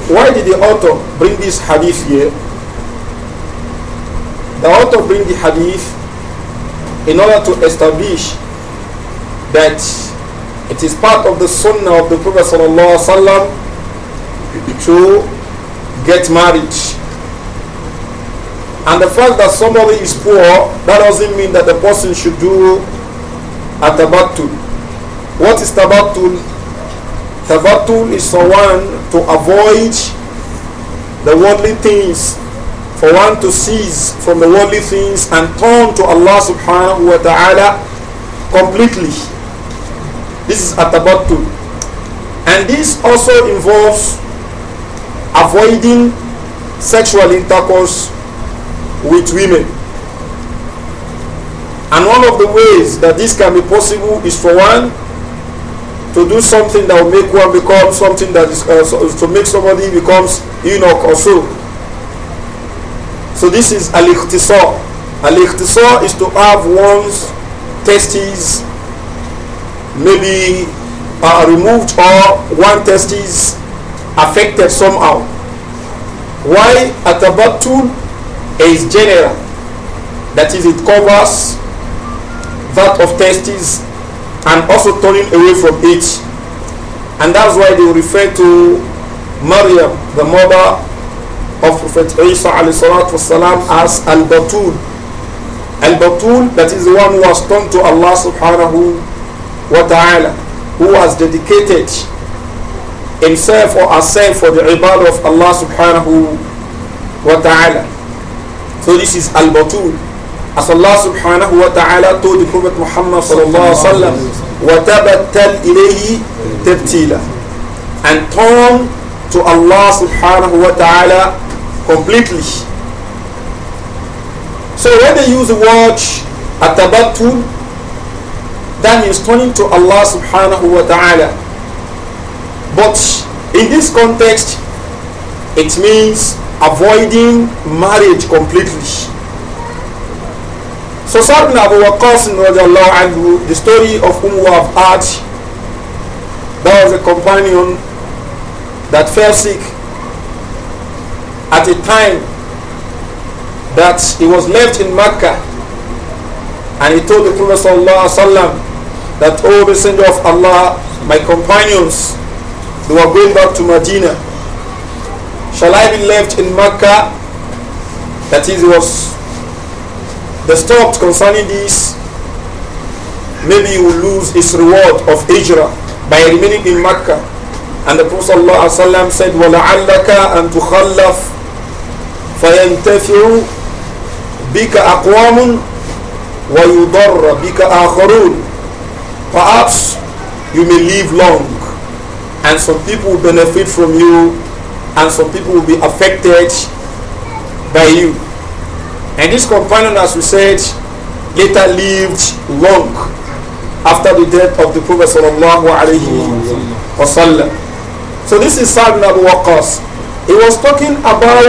Why did the author bring this hadith here? The author bring the hadith in order to establish that it is part of the sunnah of the Prophet wasallam to get married and the fact that somebody is poor, that doesn't mean that the person should do a tabatul. What is tabatul? Tabatul is for one to avoid the worldly things, for one to cease from the worldly things and turn to Allah subhanahu wa ta'ala completely. This is a And this also involves avoiding sexual intercourse with women. And one of the ways that this can be possible is for one to do something that will make one become something that is uh, so, to make somebody becomes Enoch or so. So this is al-ikhtisar. is to have one's testes maybe uh, removed or one testes affected somehow. Why at about two? is general. That is, it covers that of testes and also turning away from it. And that's why they refer to Maryam, the mother of Prophet Isa والسلام, as Al-Batul. Al-Batul, that is the one who has turned to Allah subhanahu wa ta'ala, who has dedicated himself or herself for the ibadah of Allah subhanahu wa ta'ala. So this is al-batul. As Allah subhanahu wa ta'ala told the Prophet Muhammad sallallahu alaihi wasallam, وَتَبَتَّلْ إِلَيْهِ تَبْتِيلًا And turn to Allah subhanahu wa ta'ala completely. So when they use the word atabattul, that means turning to Allah subhanahu wa ta'ala. But in this context, it means avoiding marriage completely. So Sa'd our cousin Waqqas and the story of Umm have heard, there was a companion that fell sick at a time that he was left in Mecca and he told the Prophet sallam, that, O oh, Messenger of Allah, my companions, they were going back to Medina Shall I be left in Mecca, that is, was disturbed concerning this, maybe he will lose his reward of Hijrah by remaining in Mecca. And the Prophet ﷺ said, وَلَعَلَّكَ أَن تُخَلَّفْ فَيَنْتَفِعُ بِكَ أَقْوَامٌ وَيُضَرَّ بِكَ آخَرُونَ Perhaps you may live long and some people benefit from you and some people will be affected by you. And this companion, as we said, later lived long after the death of the Prophet sallallahu alaihi wasallam. So this is Sa'd ibn Abu Waqqas. He was talking about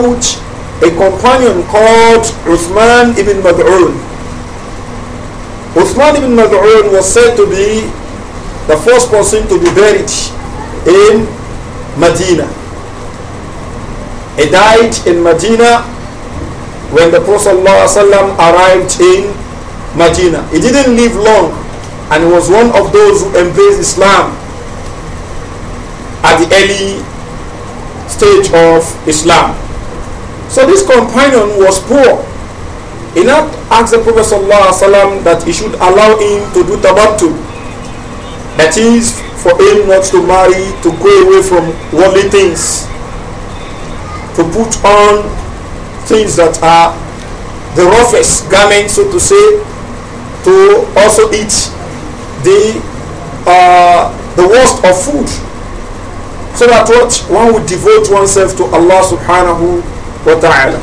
a companion called Uthman ibn Mad'un. Uthman ibn Mad'un was said to be the first person to be buried in Medina. He died in Medina when the Prophet ﷺ arrived in Medina. He didn't live long and he was one of those who embraced Islam at the early stage of Islam. So this companion was poor. He not asked the Prophet ﷺ that he should allow him to do tabattu. That is, for him not to marry, to go away from worldly things to put on things that are the roughest garment, so to say, to also eat the uh, the worst of food, so that what one would devote oneself to Allah Subhanahu wa Taala.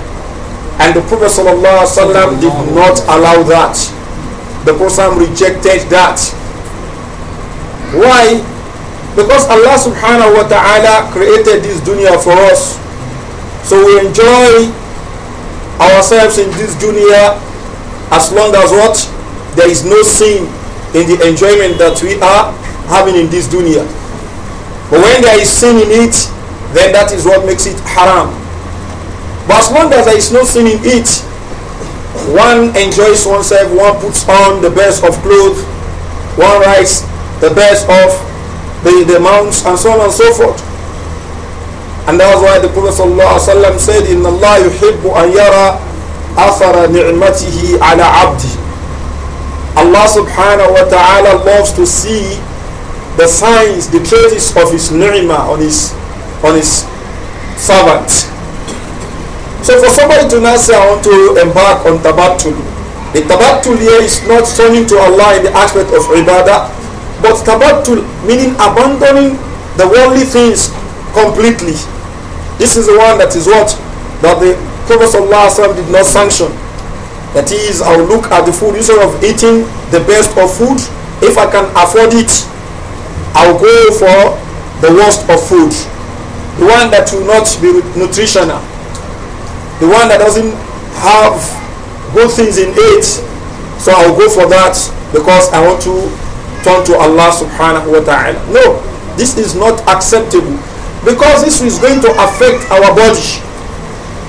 And the Prophet sallallahu alaihi wasallam did not allow that. The Prophet rejected that. Why? Because Allah Subhanahu wa Taala created this dunya for us so we enjoy ourselves in this dunya as long as what? There is no sin in the enjoyment that we are having in this dunya. But when there is sin in it, then that is what makes it haram. But as long as there is no sin in it, one enjoys oneself, one puts on the best of clothes, one rides the best of the, the mounts, and so on and so forth. And that was why the Prophet ﷺ said, In Allāh yuhibbu an yara أَثَرَ نِعْمَتِهِ عَلَى Allah subhanahu wa ta'ala loves to see the signs, the traces of his ni'mah on his, on his servant. So for somebody to now say, I want to embark on tabattul, the tabattul here is not turning to Allah in the aspect of ibadah, but tabattul meaning abandoning the worldly things completely. This is the one that is what? That the Prophet ﷺ did not sanction. That is, I'll look at the food instead of eating the best of food. If I can afford it, I'll go for the worst of food. The one that will not be nutritional. The one that doesn't have good things in it. So I'll go for that because I want to turn to Allah subhanahu wa ta'ala. No, this is not acceptable. Because this is going to affect our body.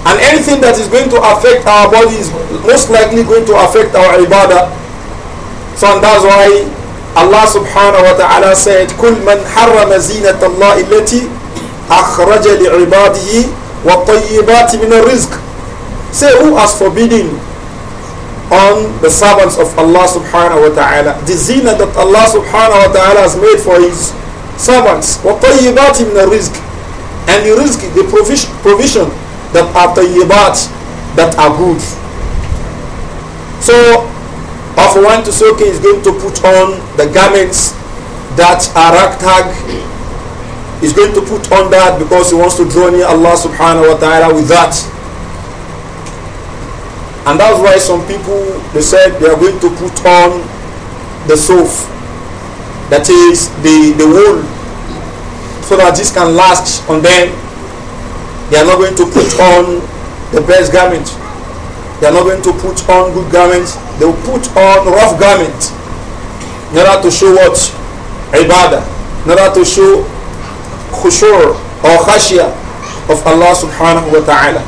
And anything that is going to affect our body is most likely going to affect our ibadah. So and that's why Allah subhanahu wa ta'ala said, كُلْ مَنْ حَرَّمَ زِينَةَ اللَّهِ الَّتِي أَخْرَجَ لِعِبَادِهِ وطيبات مِنَ الرِّزْقِ Say, who has forbidden on the servants of Allah subhanahu wa ta'ala the zina that Allah subhanahu wa ta'ala has made for his servants وَطَيِّبَاتٍ مِنَ الرِّزْقِ and the risk, the provision, provision that are طيبات that are good so of one to soke is going to put on the garments that are ragtag is going to put on that because he wants to draw near Allah subhanahu wa ta'ala with that and that's why some people they said they are going to put on the soap that is the, the wool so that this can last on them. They are not going to put on the best garment. They are not going to put on good garments. They will put on rough garments in order to show what? Ibadah. In order to show khushur or khashia of Allah subhanahu wa ta'ala.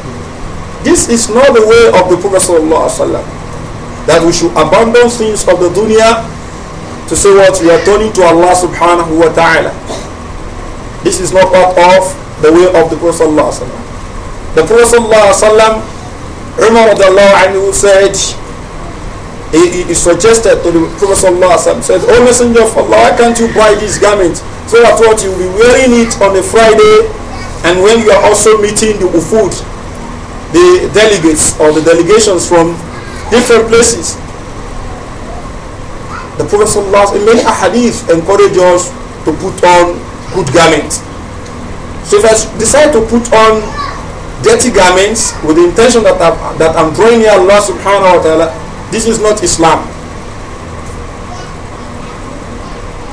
This is not the way of the Prophet That we should abandon things of the dunya to say what? You are turning to Allah subhanahu wa ta'ala. This is not part of the way of the Prophet sallallahu The Prophet sallallahu Umar anhu said, he, he, suggested to the Prophet sallallahu said, O Messenger of Allah, why can't you buy this garment so that what you'll be wearing it on a Friday and when you are also meeting the Ufud, the delegates or the delegations from different places. The Prophet sallallahu in many hadith encourage us to put on good garments. So if I decide to put on dirty garments with the intention that I'm, that I'm drawing near Allah subhanahu wa ta'ala, this is not Islam.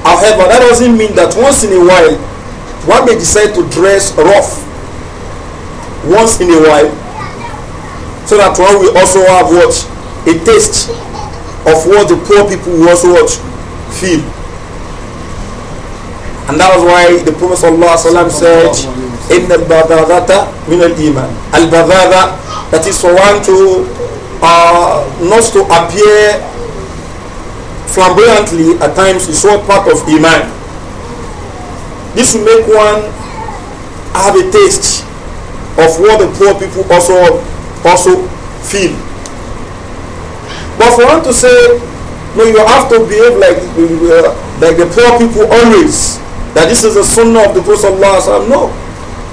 However, that doesn't mean that once in a while, one may decide to dress rough once in a while so that one will also have what? A taste of what the poor people also watch, feel. And that was why the Prophet ﷺ said, "In al مِنَ min Al-Badada, that is for one to, uh, not to appear flamboyantly at times is what part of Iman. This will make one have a taste of what the poor people also, also feel. But for one to say, no, you have to behave like, uh, like the poor people always, that this is the sunnah of the Prophet Sallallahu no.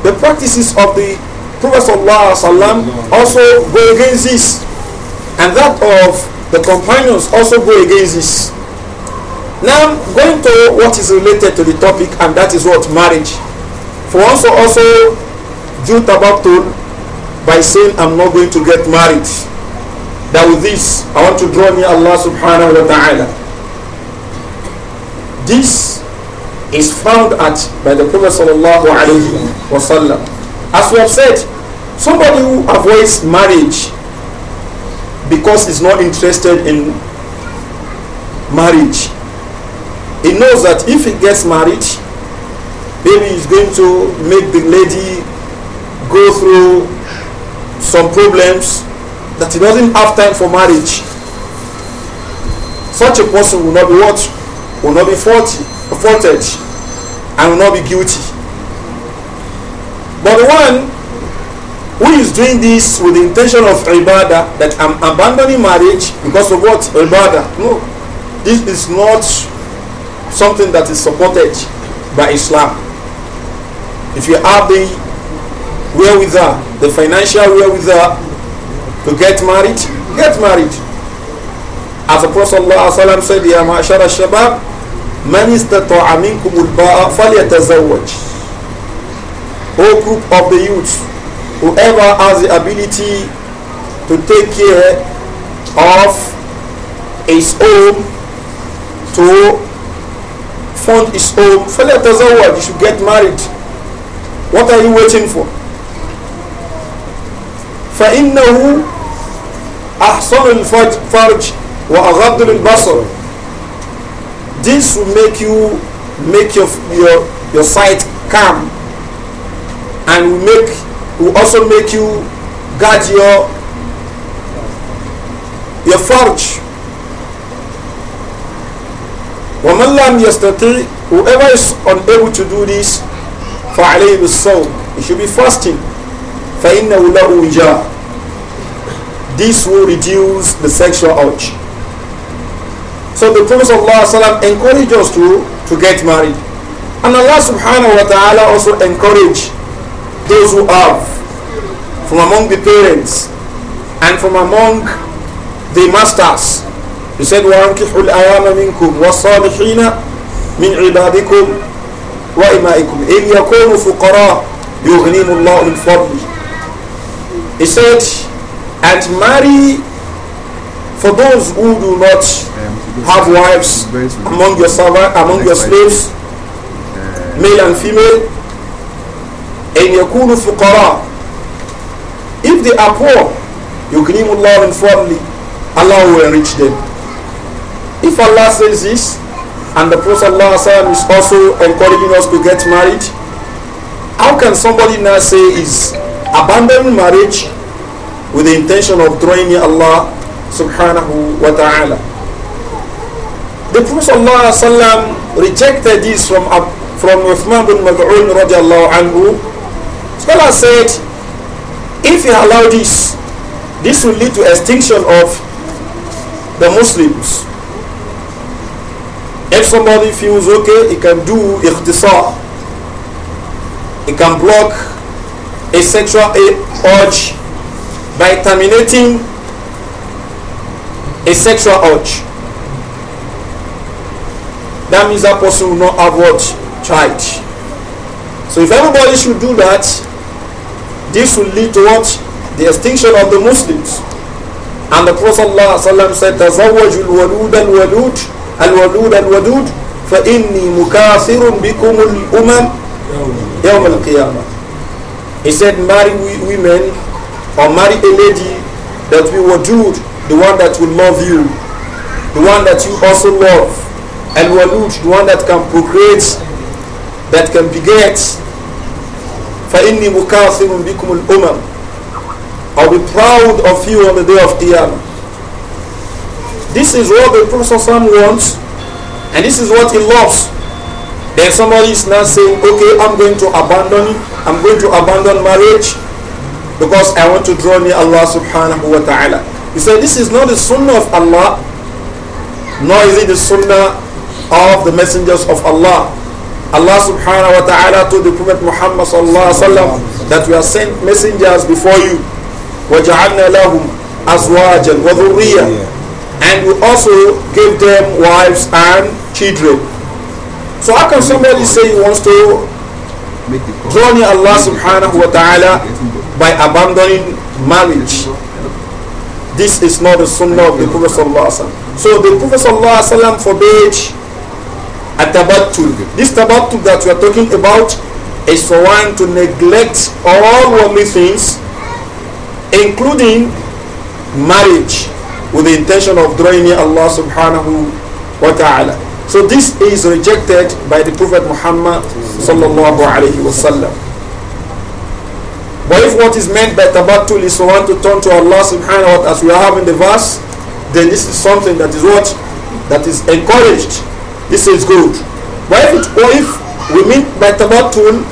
The practices of the Prophet Sallallahu also go against this. And that of the companions also go against this. Now, going to what is related to the topic, and that is what marriage. For also also do tabatul by saying I'm not going to get married. that with this I want to draw near Allah subhanahu wa ta'ala. This is found at by the Prophet sallallahu alayhi wa sallam. As we have said, somebody who avoids marriage because he's not interested in marriage, he knows that if he gets married, maybe he's going to make the lady go through some problems that he doesn't have time for marriage, such a person will not be what? Will not be faulty, faulted and will not be guilty. But the one who is doing this with the intention of ibadah, that I'm abandoning marriage because of what? Ibadah. No. This is not something that is supported by Islam. If you have the wherewithal, the financial wherewithal to get married, get married. As the Prophet ﷺ said, يَا مَعْشَرَ shabab, مَنْ إِسْتَطَعَ مِنْكُمُ الْبَاءَ فَلْيَتَزَوَّجْ Whole group of the youth, whoever has the ability to take care of his own, to fund his own, فَلْيَتَزَوَّجْ You should get married. What are you waiting for? فَإِنَّهُ أحصن الفرج وأغض للبصر This will make you make your your your sight calm and will make will also make you guard your your forge. ومن لم يستطيع whoever is unable to do this فعليه بالصوم he should be fasting فإنه له وجاء this will reduce the sexual urge. So the Prophet ﷺ encouraged us to, to get married. And Allah subhanahu wa ta'ala also encouraged those who have from among the parents and from among the masters. He said, وَأَنْكِحُوا الْأَيَامَ مِنْكُمْ وَالصَّالِحِينَ مِنْ عِبَادِكُمْ وَإِمَائِكُمْ إِنْ يَكُونُوا فُقَرَاءَ يُغْنِيهِمُ اللَّهُ مِنْ فَضْلِهِ He said, and marry for those who do not have wives among your servant, among your slaves, male and female, and yakunu fuqara. If they are poor, yuknimu Allah min fadli. Allah will enrich them. If Allah says this, and the Prophet ﷺ is also encouraging us to get married, how can somebody now say is abandoning marriage with the intention of drawing near Allah subhanahu wa ta'ala. The Prophet ﷺ rejected this from, from Uthman bin Mad'un radiallahu anhu. Scholar said, if you allow this, this will lead to extinction of the Muslims. If somebody feels okay, he can do ikhtisar. He can block a sexual urge by terminating a sexual urge. That means that person will not have what? Child. So if everybody should do that, this will lead to what? The extinction of the Muslims. And the Prophet ﷺ said, تزوج الولود الولود الولود الولود فإني مكاثر بكم الأمم يوم القيامة. He said, marry women or marry a lady that will wadud, the one that will love you, the one that you also love, and walud, the one that can procreate, that can beget. فَإِنِّي مُكَاثِرٌ بِكُمُ الْأُمَمِ I'll be proud of you on the day of Qiyamah. This is what the Prophet wants, and this is what he loves. Then somebody is now saying, okay, I'm going to abandon, I'm going to abandon marriage, because I want to draw near Allah subhanahu wa ta'ala. He said, This is not the sunnah of Allah, nor is it the sunnah of the messengers of Allah. Allah subhanahu wa ta'ala told the Prophet Muhammad sallallahu alaihi wasallam that we have sent messengers before you. وَجَعَلْنَا لَهُمْ أَزْوَاجًا وَذُرِّيًّا And we also gave them wives and children. So how can somebody say he wants to draw near Allah subhanahu wa ta'ala by abandoning marriage. This is not the sunnah of the Prophet So the Prophet forbade a tabattul. This tabattul that we are talking about is for one to neglect all worldly things, including marriage, with the intention of drawing near Allah subhanahu wa ta'ala. So this is rejected by the Prophet Muhammad sallallahu alayhi wa sallam. But if what is meant by tabatul is for one to turn to Allah subhanahu wa ta'ala as we are having the verse, then this is something that is what? That is encouraged. This is good. But if, it, or if we mean by tabatul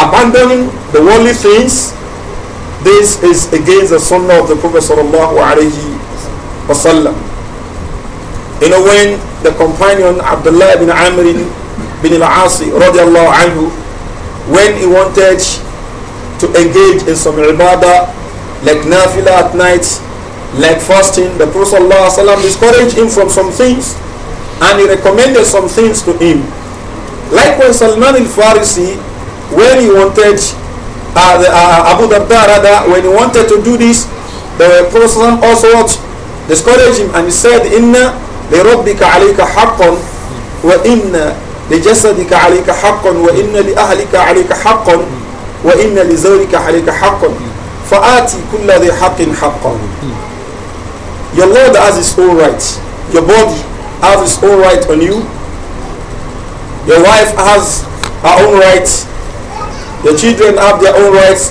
abandoning the worldly things, this is against the sunnah of the Prophet sallallahu alayhi wa sallam. You know when the companion Abdullah ibn Amr bin al-Asi radiallahu anhu, when he wanted to engage in some ibadah like nafila at night, like fasting. The Prophet ﷺ discouraged him from some things and he recommended some things to him. Likewise, Salman al-Farisi, when he wanted, uh, the, uh, Abu Darda rather, when he wanted to do this, the Prophet also discouraged him and he said, Inna لربك عليك حقا وإن لجسدك عليك حقا وإن لأهلك عليك hakun." وإن لزوجك عليك فآتي كل ذي حق حقا Your Lord has his own right. Your body has His own right on you. Your wife has her own rights. Your children have their own rights.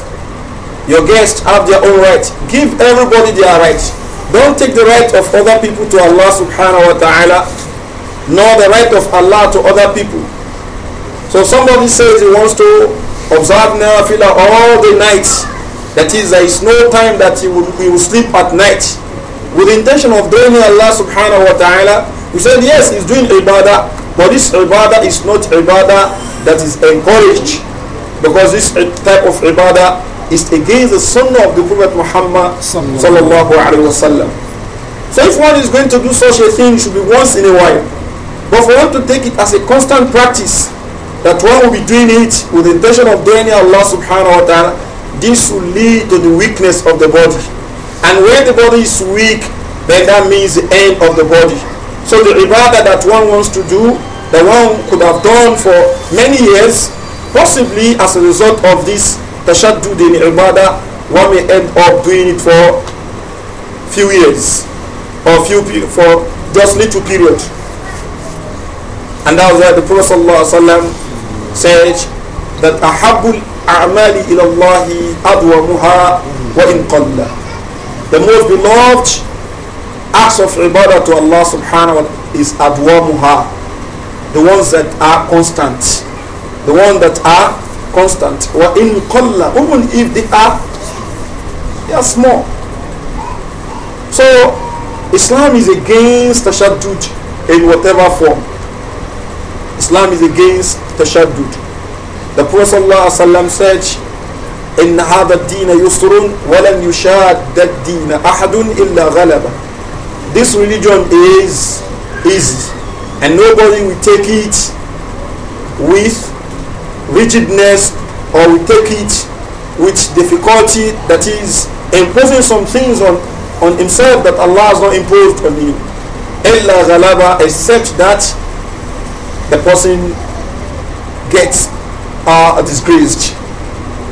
Your guests have their own rights. Give everybody their rights. Don't take the right of other people to Allah subhanahu wa ta'ala, nor the right of Allah to other people. So somebody says he wants to observe Nafila all the nights. That is, there is no time that you will, will sleep at night. With the intention of doing Allah subhanahu wa ta'ala, we said, yes, he's doing ibadah, but this ibadah is not ibadah that is encouraged. Because this type of ibadah is against the sunnah of the Prophet Muhammad sallallahu alaihi wasallam. So if one is going to do such a thing, it should be once in a while. But for one to take it as a constant practice, that one will be doing it with the intention of doing Allah subhanahu wa ta'ala, this will lead to the weakness of the body. And when the body is weak, then that means the end of the body. So the ibadah that one wants to do, that one could have done for many years, possibly as a result of this tashaddud in ibadah, one may end up doing it for few years or few for just little period. And that was why the Prophet sallallahu alaihi wasallam said that ahabul a'mali ila Allah adwamuha wa in qalla. The most beloved acts of ibadah to Allah subhanahu wa ta'ala is adwamuha. The ones that are constant. The ones that are constant. Wa in qalla. Even if they are, they are small. So Islam is against tashaddud in whatever form. Islam is against tashaddud. The Prophet ﷺ said, هذا الدين يسر ولن يشاد الدين أحد إلا This religion is easy and nobody will take it with rigidness or will take it with difficulty that is imposing some things on, on himself that Allah has not imposed on him. إلا غلبه except that the person gets are uh, disgraced.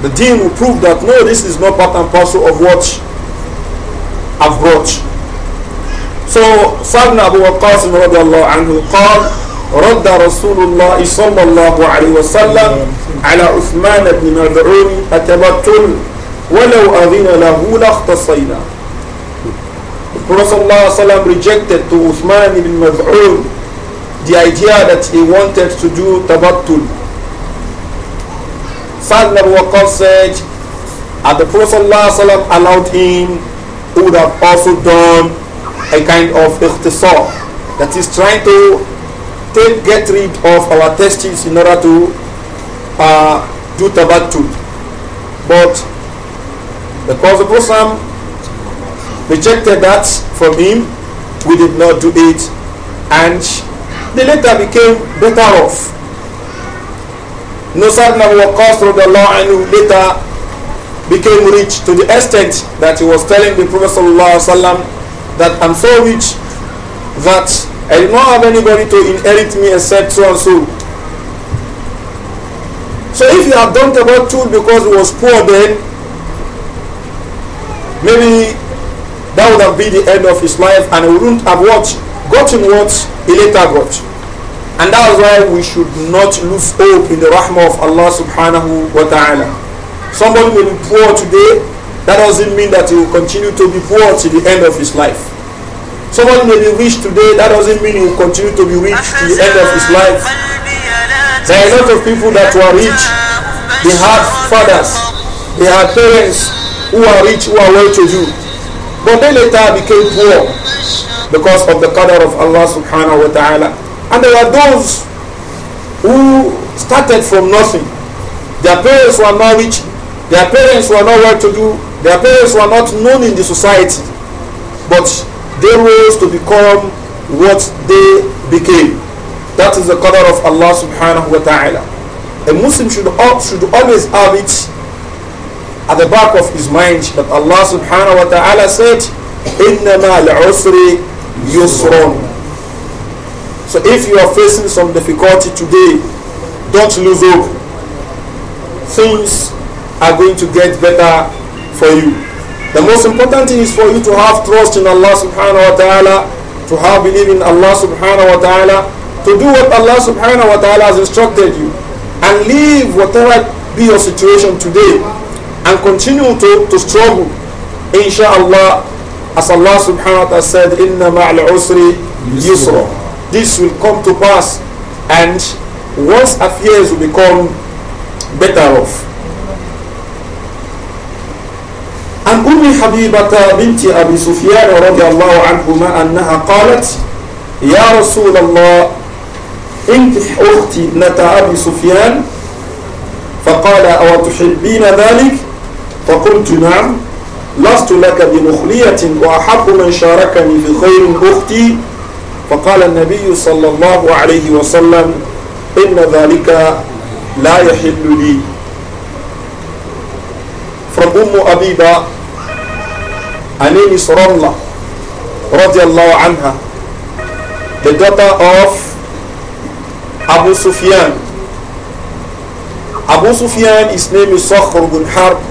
The dean will prove that no, this is not part and parcel of what I've brought. So sa Abu Waqqas رضي الله called قال رد رسول الله صلى الله عليه وسلم على عثمان بن مذعون التبتل ولو أذن له لاختصينا The Prophet ﷺ rejected to Uthman ibn Mad'un the idea that he wanted to do tabattul sa Wakaf said, and the Prophet ﷺ allowed him, who would have also done a kind of ikhtisar, that is trying to take, get rid of our testes in order to uh, do tabattu. But because the Prophet rejected that from him, we did not do it, and they later became better off Nusar ibn Abu Waqqas anhu later became rich to the extent that he was telling the Prophet sallam, that I'm so rich that I do not have anybody to inherit me except so and so. So if you have done about two because he was poor then, maybe that would have been the end of his life and he wouldn't have got gotten what he later got. And that is why we should not lose hope in the rahmah of Allah subhanahu wa ta'ala. Somebody may be poor today, that doesn't mean that he will continue to be poor till the end of his life. Someone may be rich today, that doesn't mean he will continue to be rich till the end of his life. There are a lot of people that were rich. They had fathers, they had parents who are rich, who are well to do. But they later became poor because of the qadar of Allah subhanahu wa ta'ala. And there were those who started from nothing. Their parents were not rich, their parents were not well to do, their parents were not known in the society, but they rose to become what they became. That is the color of Allah subhanahu wa ta'ala. A Muslim should, should always have it at the back of his mind that Allah subhanahu wa ta'ala said, إِنَّمَا الْعُسْرِ يُسْرٌ so if you are facing some difficulty today, don't lose hope. Things are going to get better for you. The most important thing is for you to have trust in Allah subhanahu wa ta'ala, to have belief in Allah subhanahu wa ta'ala, to do what Allah subhanahu wa ta'ala has instructed you, and leave whatever be your situation today, and continue to, to struggle. Inshallah, as Allah subhanahu wa ta'ala said, Inna ma'al usri yusra. this will come to pass and one's affairs will become better off. عن أم حبيبة بنت أبي سفيان رضي الله عنهما أنها قالت يا رسول الله أنت أختي ابنة أبي سفيان فقال أو تحبين ذلك فقلت نعم لست لك بمخلية وأحب من شاركني في خير أختي فقال النبي صلى الله عليه وسلم إن ذلك لا يحل لي from Umm Abiba her name is Ramla الله عنها the daughter of Abu Sufyan Abu Sufyan his name is Sakhr bin Harb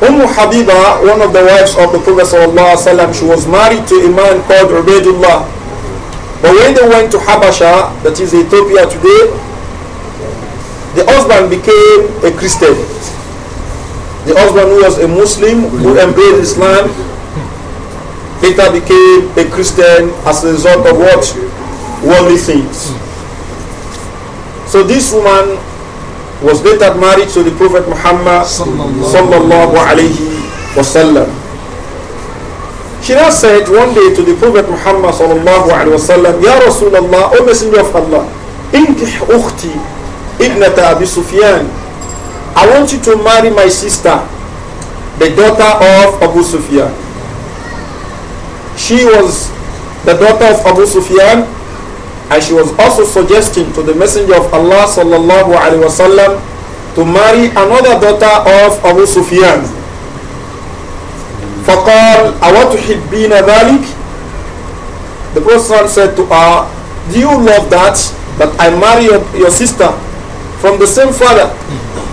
Umm Habiba, one of the wives of the Prophet ﷺ, she was married to a man called Ubaidullah. But when they went to Habasha, that is Ethiopia today, the husband became a Christian. The husband who was a Muslim, who embraced Islam, later became a Christian as a result of what? Worldly things. So this woman was later married to the Prophet Muhammad sallallahu alayhi wasallam. She now said one day to the Prophet Muhammad sallallahu alayhi wasallam, Ya Rasulullah, O Messenger of Allah, inkih ukhti ibnata Abi Sufyan. I want you to marry my sister, the daughter of Abu Sufyan. She was the daughter of Abu Sufyan and she was also suggesting to the Messenger of Allah sallallahu alaihi wasallam to marry another daughter of Abu Sufyan. فقال أوتحبين ذلك The Prophet said to her, Do you love that? That I marry your, your sister from the same father,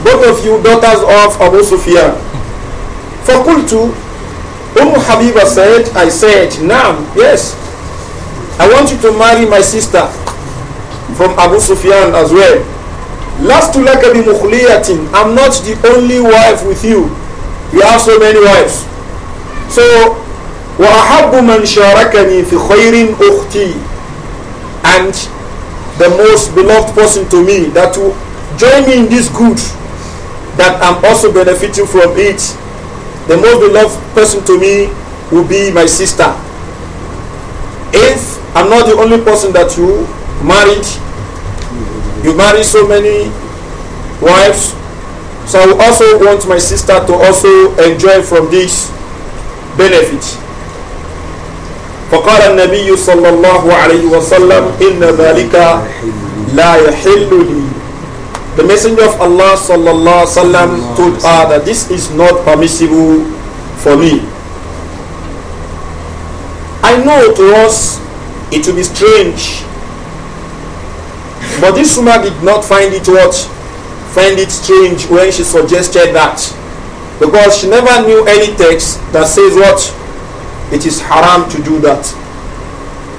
both of you daughters of Abu Sufyan. فقلت Umm Habiba said, I said, Naam, yes. I want you to marry my sister from Abu Sufyan as well. Last laka I'm not the only wife with you. You have so many wives. So, وأحب من شاركني في خير أختي. And the most beloved person to me that will join me in this good that I'm also benefiting from it. The most beloved person to me will be my sister. If I'm not the only person that you married. You marry so many wives. So I also want my sister to also enjoy from this benefit. فقال النبي صلى الله عليه وسلم إن ذلك لا يحل لي The messenger of Allah صلى الله عليه وسلم told her that this is not permissible for me. I know to us it will be strange. But this woman did not find it what? Find it strange when she suggested that. Because she never knew any text that says what? It is haram to do that.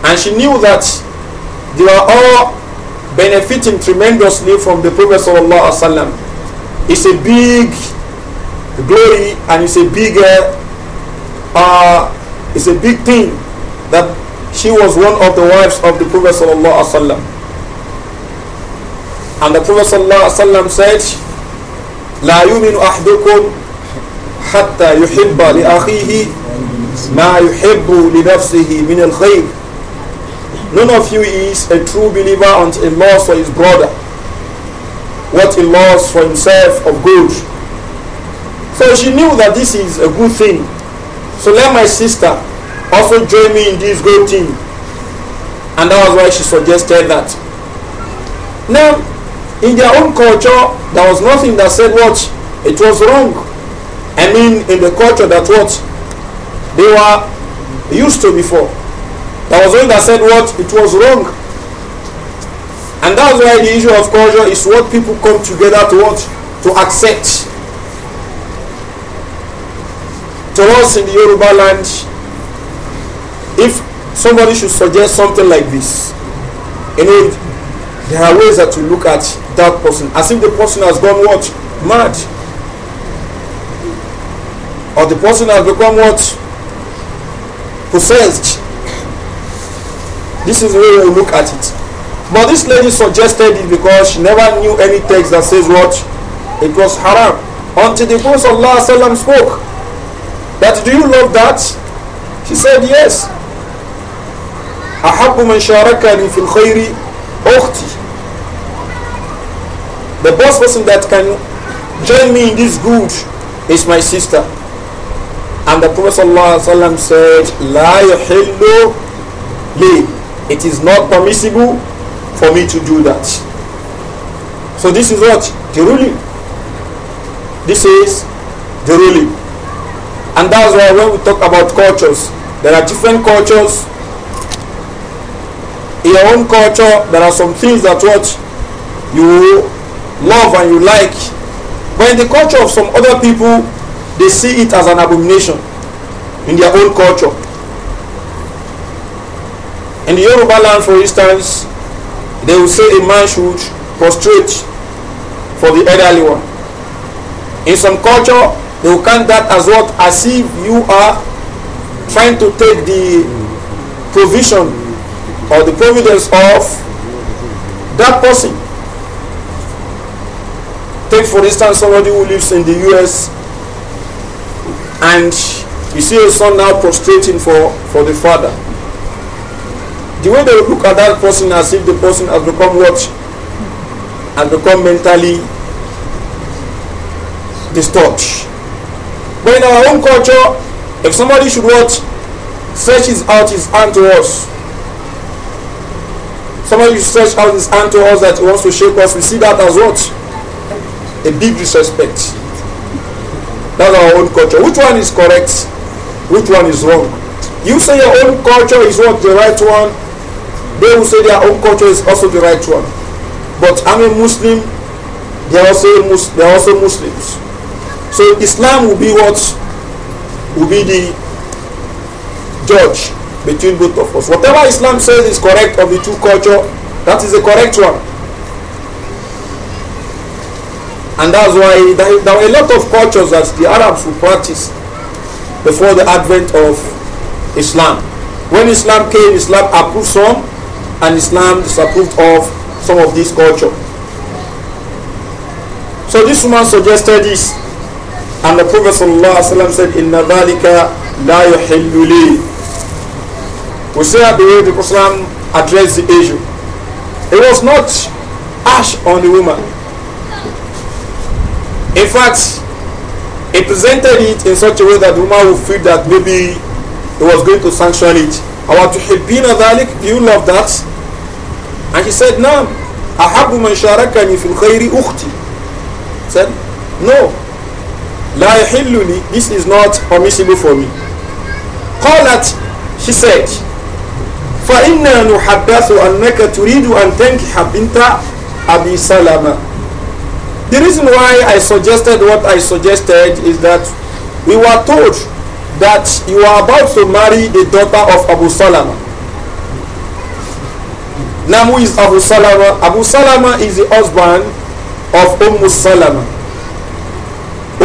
And she knew that they are all benefiting tremendously from the of Allah. It's a big glory and it's a bigger, uh, uh, it's a big thing that she was one of the wives of the Prophet sallallahu And the Prophet sallallahu said, لا يؤمن أحدكم حتى يحب لأخيه ما يحب لنفسه من الخير None of you is a true believer until he loves for his brother what he loves for himself of good. So she knew that this is a good thing. So let my sister also join me in this great thing. And that was why she suggested that. Now, in their own culture, there was nothing that said what? It was wrong. I mean, in the culture that what? They were used to before. There was one that said what? It was wrong. And that's why the issue of culture is what people come together to what? To accept. To us in the Yoruba land, if somebody should suggest something like this, in there are ways that you look at that person as if the person has gone what? Mad. Or the person has become what? Possessed. This is the way we look at it. But this lady suggested it because she never knew any text that says what? It was haram. Until the Prophet ﷺ spoke. That do you love that? She said yes. أحب من شاركني في الخير أختي The best person that can join me in this good is my sister. And the Prophet ﷺ said, لا يحل لي. It is not permissible for me to do that. So this is what? The ruling. This is the ruling. And that's why when we talk about cultures, there are different cultures in your own culture, there are some things that what you love and you like. But in the culture of some other people, they see it as an abomination in their own culture. In the Yoruba land, for instance, they will say a man should prostrate for the elderly one. In some culture, they will count that as what as if you are trying to take the provision or the providence of that person. Take for instance somebody who lives in the US and you see a son now prostrating for, for the father. The way they look at that person as if the person has become what? Has become mentally disturbed. But in our own culture, if somebody should what? Stretches out his hand to us Somebody stretch out his hand to us that he wants to shake us. We see that as what? A big disrespect. That's our own culture. Which one is correct? Which one is wrong? You say your own culture is what the right one. They will say their own culture is also the right one. But I'm a Muslim. They are also they are also Muslims. So Islam will be what will be the judge between both of us. Whatever Islam says is correct of the two culture, that is the correct one. And that's why there, were a lot of cultures that the Arabs would practice before the advent of Islam. When Islam came, Islam approved some and Islam disapproved of some of this culture. So this woman suggested this and the Prophet ﷺ said, Inna dhalika la yuhillu we see that the way the Prophet addressed the issue. It was not ash on the woman. In fact, he presented it in such a way that the woman would feel that maybe he was going to sanction it. I to Our tuhibbina dhalik, do you love that? And she said, no. أحب من شاركني في الخير أختي. Said, no. لا يحل لي. This is not permissible for me. قالت, she said, فإنا نحدث أنك تريد أن تنكح بنت أبي سلمة The reason why I suggested what I suggested is that we were told that you are about to marry the daughter of Abu Salama. Now who is Abu Salama? Abu Salama is the husband of Umm Salama.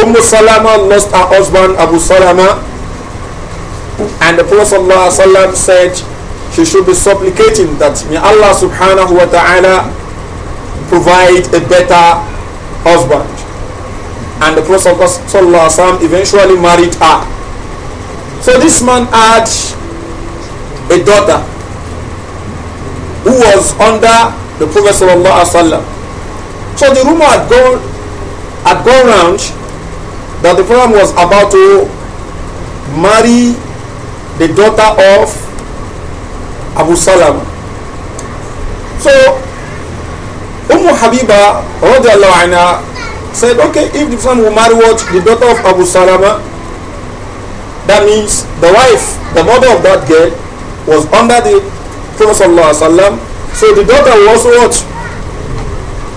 Umm Salama lost her husband Abu Salama and the Prophet ﷺ said she should be supplicating that may Allah subhanahu wa ta'ala provide a better husband. And the Prophet ﷺ eventually married her. So this man had a daughter who was under the Prophet ﷺ. So the rumor had gone had gone round that the Prophet was about to marry the daughter of abu Salam. so umu habiba radiyallahu anha said okay if the son will marry what the daughter of abu salama that means the wife the mother of that girl was under the prophet sallallahu alaihi wasallam so the daughter will also watch.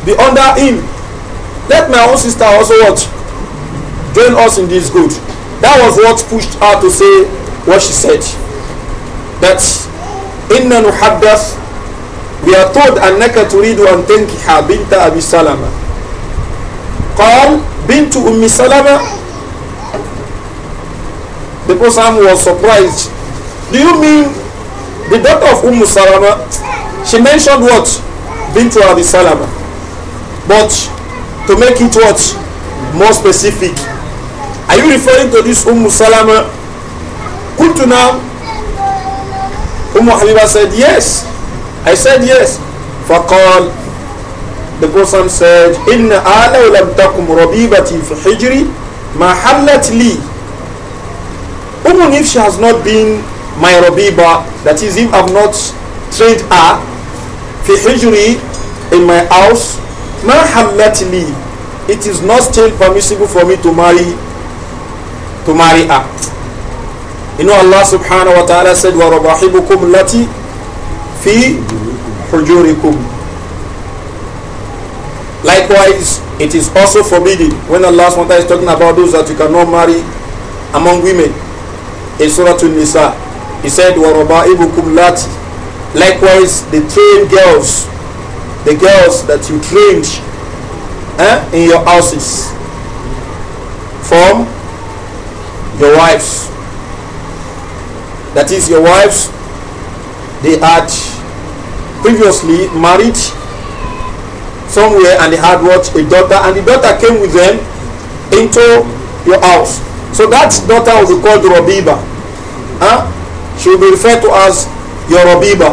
be under him let my own sister also watch. join us in this good that was what pushed her to say what she said that inna nuhaddas we are told annaka turidu an tankiha binta abi salama qal bintu ummi salama the person was surprised do you mean the daughter of ummu salama she mentioned what bintu abi salama but to make it what more specific are you referring to this ummu salama kuntu now Umm Habiba said, yes. I said, yes. فقال The Prophet said, Inna ala لم تكن ربيبتي في حجري ma حلت li. Even if she has not been my Rabiba, that is, if I've not trained her, في حجري, in my house, ma حلت li. It is not still permissible for me to marry to marry her. You know Allah subhanahu wa ta'ala said, وَرَبَاحِبُكُمْ لَتِي فِي حُجُورِكُمْ Likewise, it is also forbidden when Allah subhanahu wa taala is talking about those that you cannot marry among women. In Surah An-Nisa, He said, وَرَبَائِبُكُمْ لَاتِ Likewise, the trained girls, the girls that you trained eh, in your houses from your wives that is your wives they had previously married somewhere and they had what a daughter and the daughter came with them into your house so that daughter will be called Robiba huh? she will be referred to as your Robiba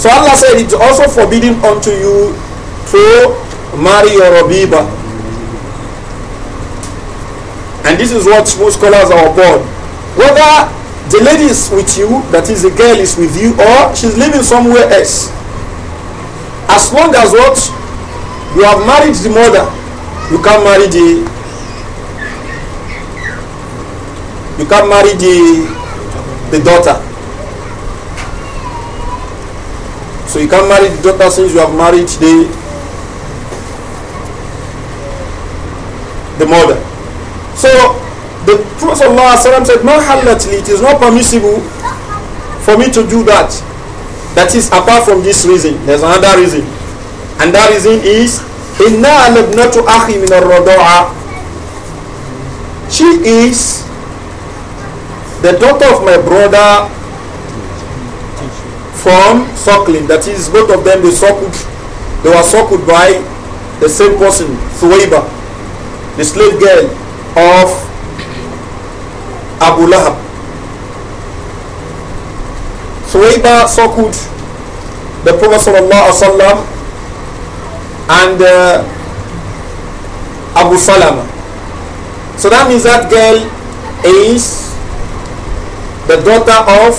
so Allah said it's also forbidden unto you to marry your Robiba and this is what most scholars are upon whether the lady is with you, that is the girl is with you, or she's living somewhere else. As long as what you have married the mother, you can't marry the you can't marry the the daughter. So you can't marry the daughter since you have married the the mother. So The Prophet Allah said, Ma halatli, it is not permissible for me to do that. That is apart from this reason. There's another reason. And that reason is, Inna to akhi min al She is the daughter of my brother from suckling. That is, both of them, they suckled. They were suckled by the same person, Thuwaiba, the slave girl of Abu Lahab. Suwaiba circled the Prophet sallam, and uh, Abu Salama. So that means that girl is the daughter of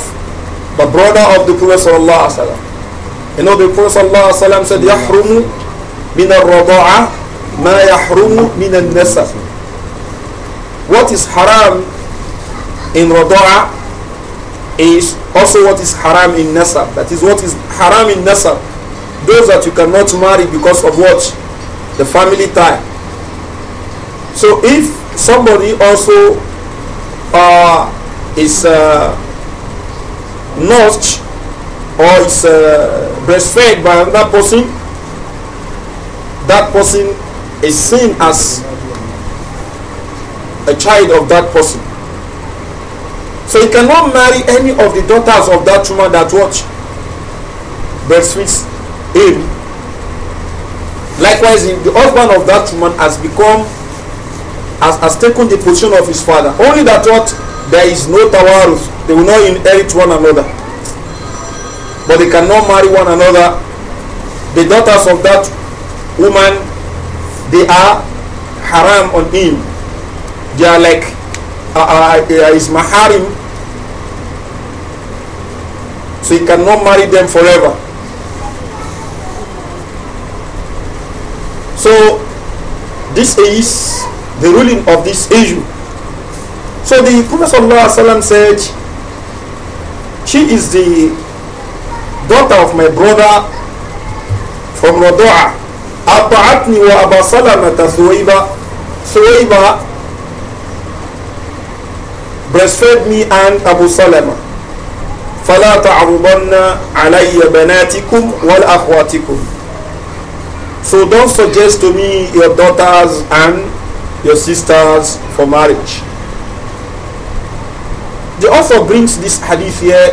the brother of the Prophet sallallahu alaihi wasallam. You know the Prophet sallallahu alaihi wasallam said, "Yahrumu min al-radha'a ma yahrumu min al-nasab." What is haram in Radu'a is also what is haram in Nasab. That is what is haram in Nasab. Those that you cannot marry because of what? The family tie. So if somebody also uh, is uh, nursed or is uh, breastfed by another person, that person is seen as a child of that person. So he cannot marry any of the daughters of that woman that watch breastfeeds him. Likewise, the husband of that woman has become, has, has taken the position of his father. Only that what there is no tawarus. They will not inherit one another. But they cannot marry one another. The daughters of that woman, they are haram on him. They are like uh, uh, uh, is maharim so you cannot marry them forever. So this is the ruling of this issue. So the Prophet ﷺ said, She is the daughter of my brother from Radu'a. أطعتني وأبا سلمة ثويبة ثويبة breastfed me and Abu Salama. فلا تعرضن علي بناتكم والأخواتكم So don't suggest to me your daughters and your sisters for marriage. The author brings this hadith here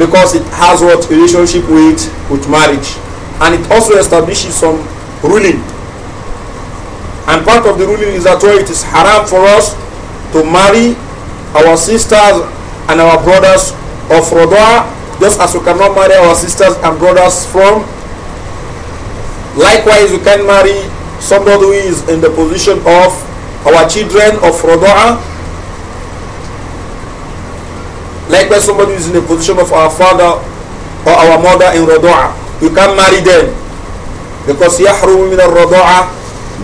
because it has what relationship with with marriage and it also establishes some ruling. And part of the ruling is that it is haram for us to marry our sisters and our brothers of Rodoa, just as we cannot marry our sisters and brothers from. Likewise, we can marry somebody who is in the position of our children of Rodoa. Likewise, somebody who is in the position of our father or our mother in Rodoa. we can marry them. Because al من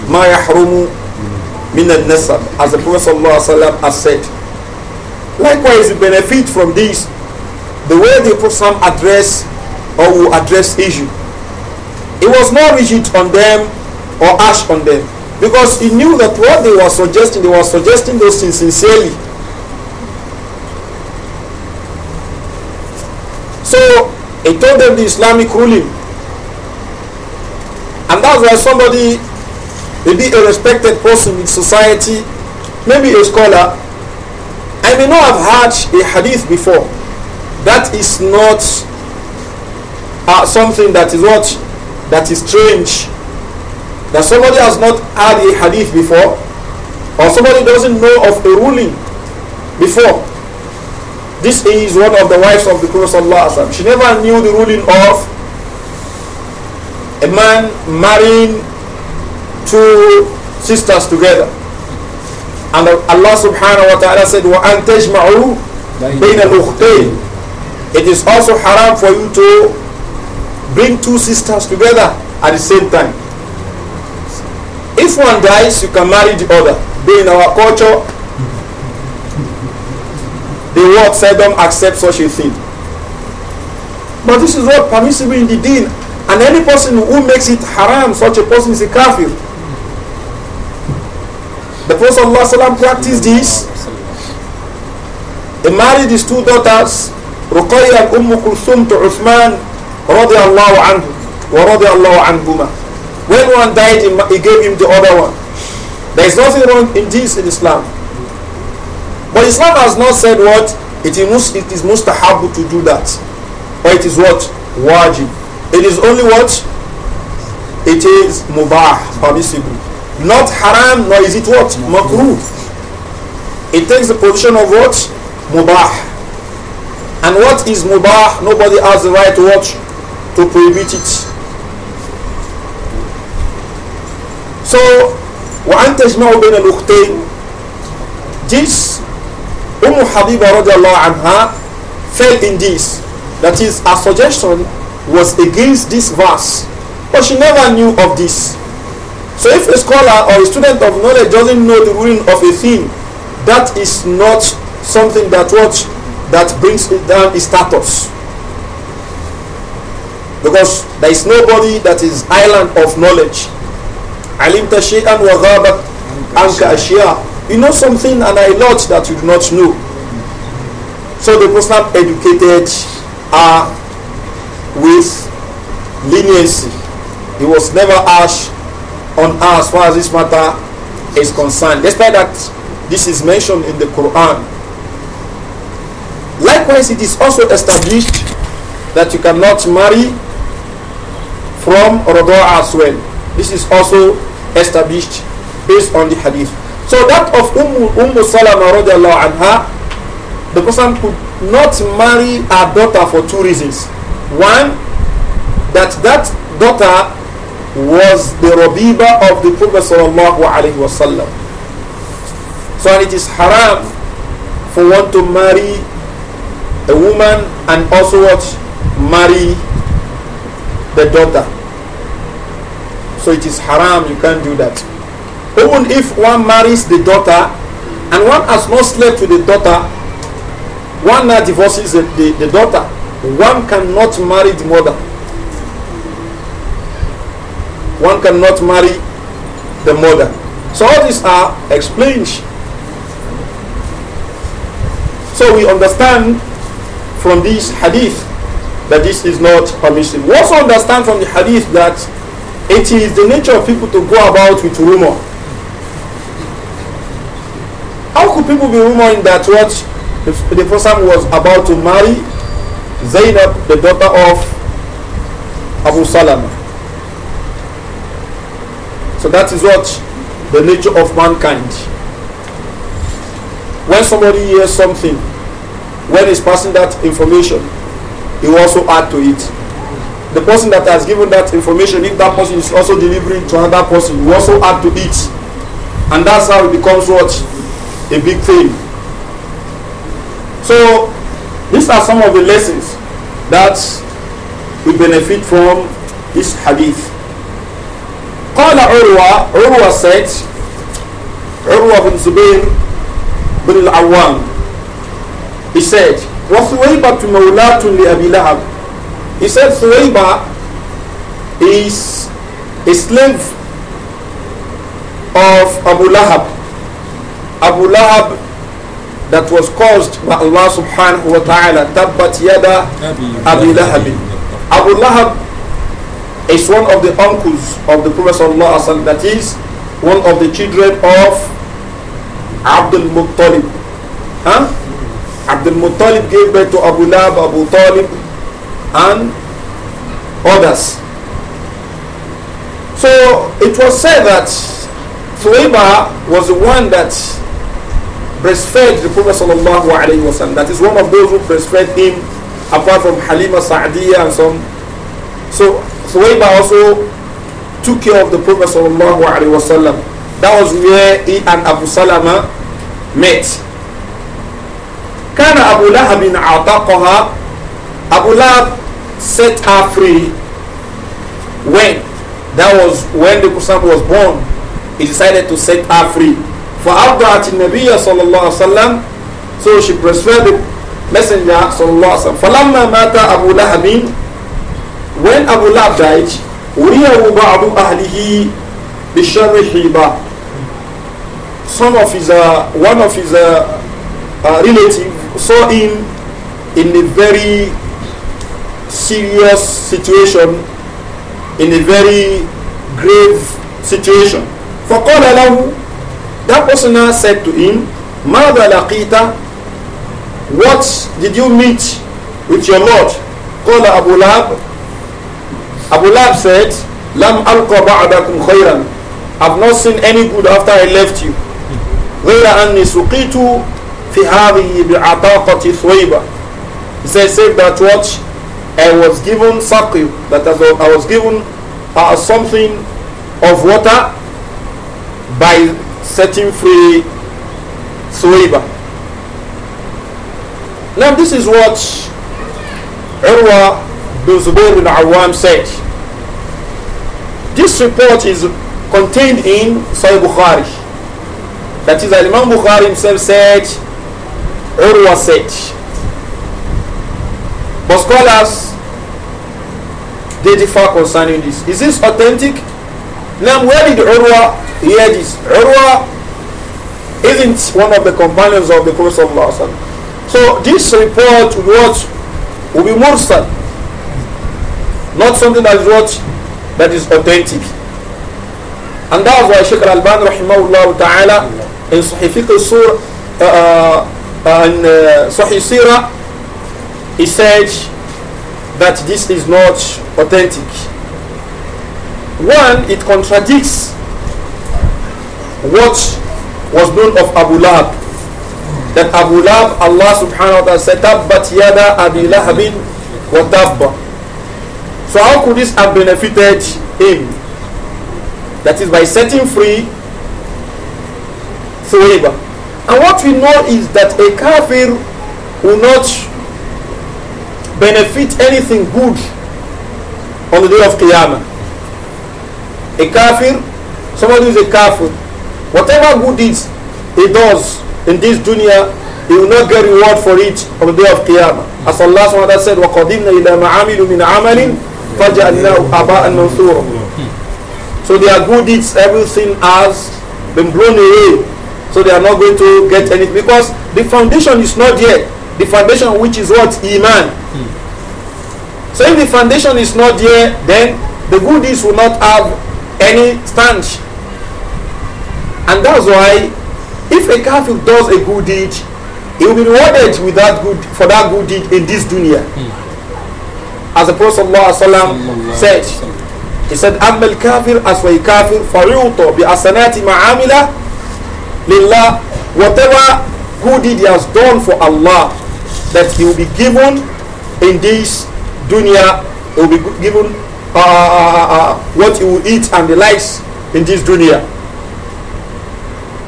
ma ما min al Nasab, as the Prophet ﷺ has said. Likewise, we benefit from this the way the Prophet addressed or will address issue. It was not rigid on them or harsh on them because he knew that what they were suggesting, they were suggesting those things sincerely. So he told them the Islamic ruling. And that's why somebody, maybe a respected person in society, maybe a scholar, I may not have heard a hadith before that is not uh, something that is what that is strange that somebody has not had a hadith before or somebody doesn't know of a ruling before this is one of the wives of the Prophet she never knew the ruling of a man marrying two sisters together and Allah subhanahu wa ta'ala said وَأَن تَجْمَعُوا بَيْنَ الْأُخْتَيْنِ it is also haram for you to bring two sisters together at the same time. If one dies, you can marry the other. But in our culture, the world seldom accepts such a thing. But this is what permissible in the deen. And any person who makes it haram, such a person is a kafir. The Prophet ﷺ practiced this. He married his two daughters رقية أم كلثوم to رضي الله عنه ورضي الله عنهما when one died he gave him the other one there is nothing wrong in this in Islam but Islam has not said what it is, it is mustahab to do that or it is what wajib it is only what it is mubah permissible not haram nor is it what makruh it takes the position of what mubah and what is mubah, nobody has the right to watch, to prohibit it. So, وأن تجمعوا بين الأختين This, Umm Habiba radiallahu anha fell in this. That is, her suggestion was against this verse. But she never knew of this. So if a scholar or a student of knowledge doesn't know the ruling of a thing, that is not something that what that brings down his status. Because there is nobody that is island of knowledge. Alim anka ashia. You know something and I lot that you do not know. So the person educated are with leniency. He was never harsh on us as far as this matter is concerned. Despite that this is mentioned in the Quran Likewise, it is also established that you cannot marry from Radu'a as well. This is also established based on the hadith. So that of Umm, Umm Salama radiallahu anha, the person could not marry her daughter for two reasons. One, that that daughter was the Rabiba of the Prophet sallallahu alaihi wasallam. So and it is haram for one to marry a woman and also what marry the daughter so it is haram you can't do that even if one marries the daughter and one has not slept with the daughter one now divorces the, the, the daughter one cannot marry the mother one cannot marry the mother so all these are explained so we understand from this hadith that this is not permissible. We also understand from the hadith that it is the nature of people to go about with rumor. How could people be rumoring that what the, the person was about to marry Zainab, the daughter of Abu Salam? So that is what the nature of mankind. When somebody hears something when he's passing that information, he will also add to it. The person that has given that information, if that person is also delivering to another person, will also add to it. And that's how it becomes what? A big thing. So these are some of the lessons that we benefit from this hadith. قال عروة عروة said عروة بن زبير بن العوام he said, وَثُوَيْبَةُ مَوْلَاتٌ لِأَبِي لَهَبٍ He said, Thuwayba is a slave of Abu Lahab. Abu Lahab that was caused by Allah subhanahu wa ta'ala. Tabbat yada Abi Lahab. Abu Lahab is one of the uncles of the Prophet sallallahu alaihi wasallam. That is one of the children of Abdul Muttalib. Huh? Abdul Muttalib gave birth to Abu Lab, Abu Talib, and others. So it was said that Thuwaybah was the one that breastfed the Prophet sallallahu alaihi wasallam. That is one of those who breastfed him, apart from Halima Sa'diyah and some. So Thuwaybah also took care of the Prophet sallallahu alaihi wasallam. That was where he and Abu Salama met. كان أبو لهب عتقها Abu Lahab set her free when that was when the Prophet was born. He decided to set her free. For Abu Nabiy sallallahu alaihi so she persuaded the Messenger sallallahu alaihi wasallam. فلما مات أبو لهب when Abu Lahab died, وريه بعض أهله بشر حيبة. Some of his uh, one of his uh, uh, relative saw him in a very serious situation, in a very grave situation. فَقَالَ لَهُ That person now said to him, مَاذَا لَقِيتَ What did you meet with your Lord? قَالَ أَبُو لَهَبْ Abu Lahab said, لَمْ أَلْقَ بَعْدَكُمْ خَيْرًا I've not seen any good after I left you. غَيْرَ أَنِّي سُقِيتُ في هذه بعطاقة ثويبة He said, save that what I was given saqi, that I was given uh, something of water by setting free Suwaiba. Now this is what Urwa bin Zubair bin Awam said. This report is contained in Sahih Bukhari. That is, Imam Bukhari himself said, Urwa said. But scholars, they differ concerning this. Is this authentic? Now, where did Urwa hear this? Urwa isn't one of the companions of the Prophet of Allah. So this report will, what, will be mursal, not something that is what that is authentic. And that's why Sheikh Ban rahimahullah ta'ala in Sahih Fiqh Sur uh, uh and uh, Sahih Sirah, he said that this is not authentic. One, it contradicts what was known of Abu Lahab. That Abu Lahab, Allah subhanahu wa ta'ala said, Tabbat yada Abi Lahabin wa tabba. So how could this have benefited him? That is by setting free Thuwaybah. And what we know is that a kafir will not benefit anything good on the day of Qiyamah. A kafir, somebody who is a kafir, whatever good deeds he does in this dunya, he will not get reward for it on the day of Qiyamah. As Allah SWT said, وَقَدِمْنَا إِلَى مَعَامِلُ مِنْ عَمَلٍ فَجَعَلْنَاهُ أَبَاءً مَنْثُورًا So their good deeds, everything has been blown away so they are not going to get anything because the foundation is not there. The foundation which is what? Iman. Hmm. So if the foundation is not there, then the good will not have any stance. And that's why if a kafir does a good deed, he will be rewarded with that good for that good deed in this dunya. Hmm. As the Prophet ﷺ said, he said, "Amal kafir wa kafir fariuto bi asanati ma'amila lillah, whatever good deed he has done for Allah, that he will be given in this dunya, he will be given uh uh, uh, uh, uh, what he will eat and the likes in this dunya.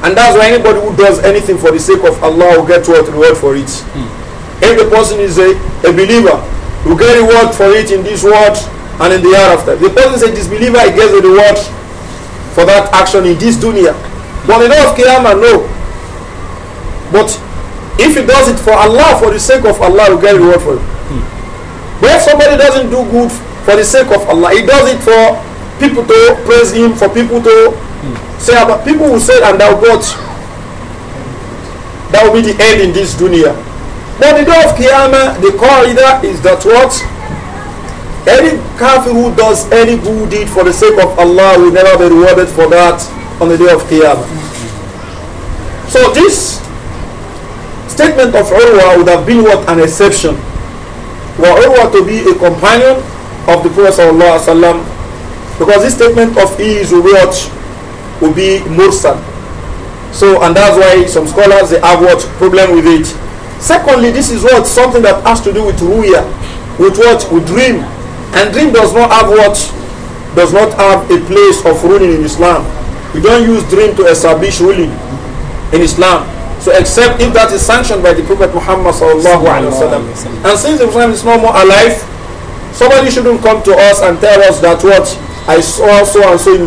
And that's why anybody who does anything for the sake of Allah will get what reward for it. Hmm. If the person is a, a believer, will get reward for it in this world and in the hereafter. the person is a disbeliever, he gets a reward for that action in this dunya. But enough of Qiyamah, no. But if he does it for Allah, for the sake of Allah, you get reward for it. Hmm. But if somebody doesn't do good for the sake of Allah, he does it for people to praise him, for people to hmm. say about people who say and thou God. That will be the end in this dunya. But the day of Qiyamah, the corridor is that what? Any kafir who does any good deed for the sake of Allah will never be rewarded for that on the day of Qiyamah. So this statement of Urwa would have been what an exception. for Urwa to be a companion of the Prophet sallam, because this statement of his would be mursal. So and that's why some scholars they have what problem with it. Secondly, this is what something that has to do with ruya, with what with dream, and dream does not have what does not have a place of ruling in Islam. You don't use dream to establish ruling in Islam. So except if that is sanctioned by the Prophet Muhammad sallallahu alaihi wasallam. And since the Prophet is no more alive, somebody shouldn't come to us and tell us that what I saw so and so in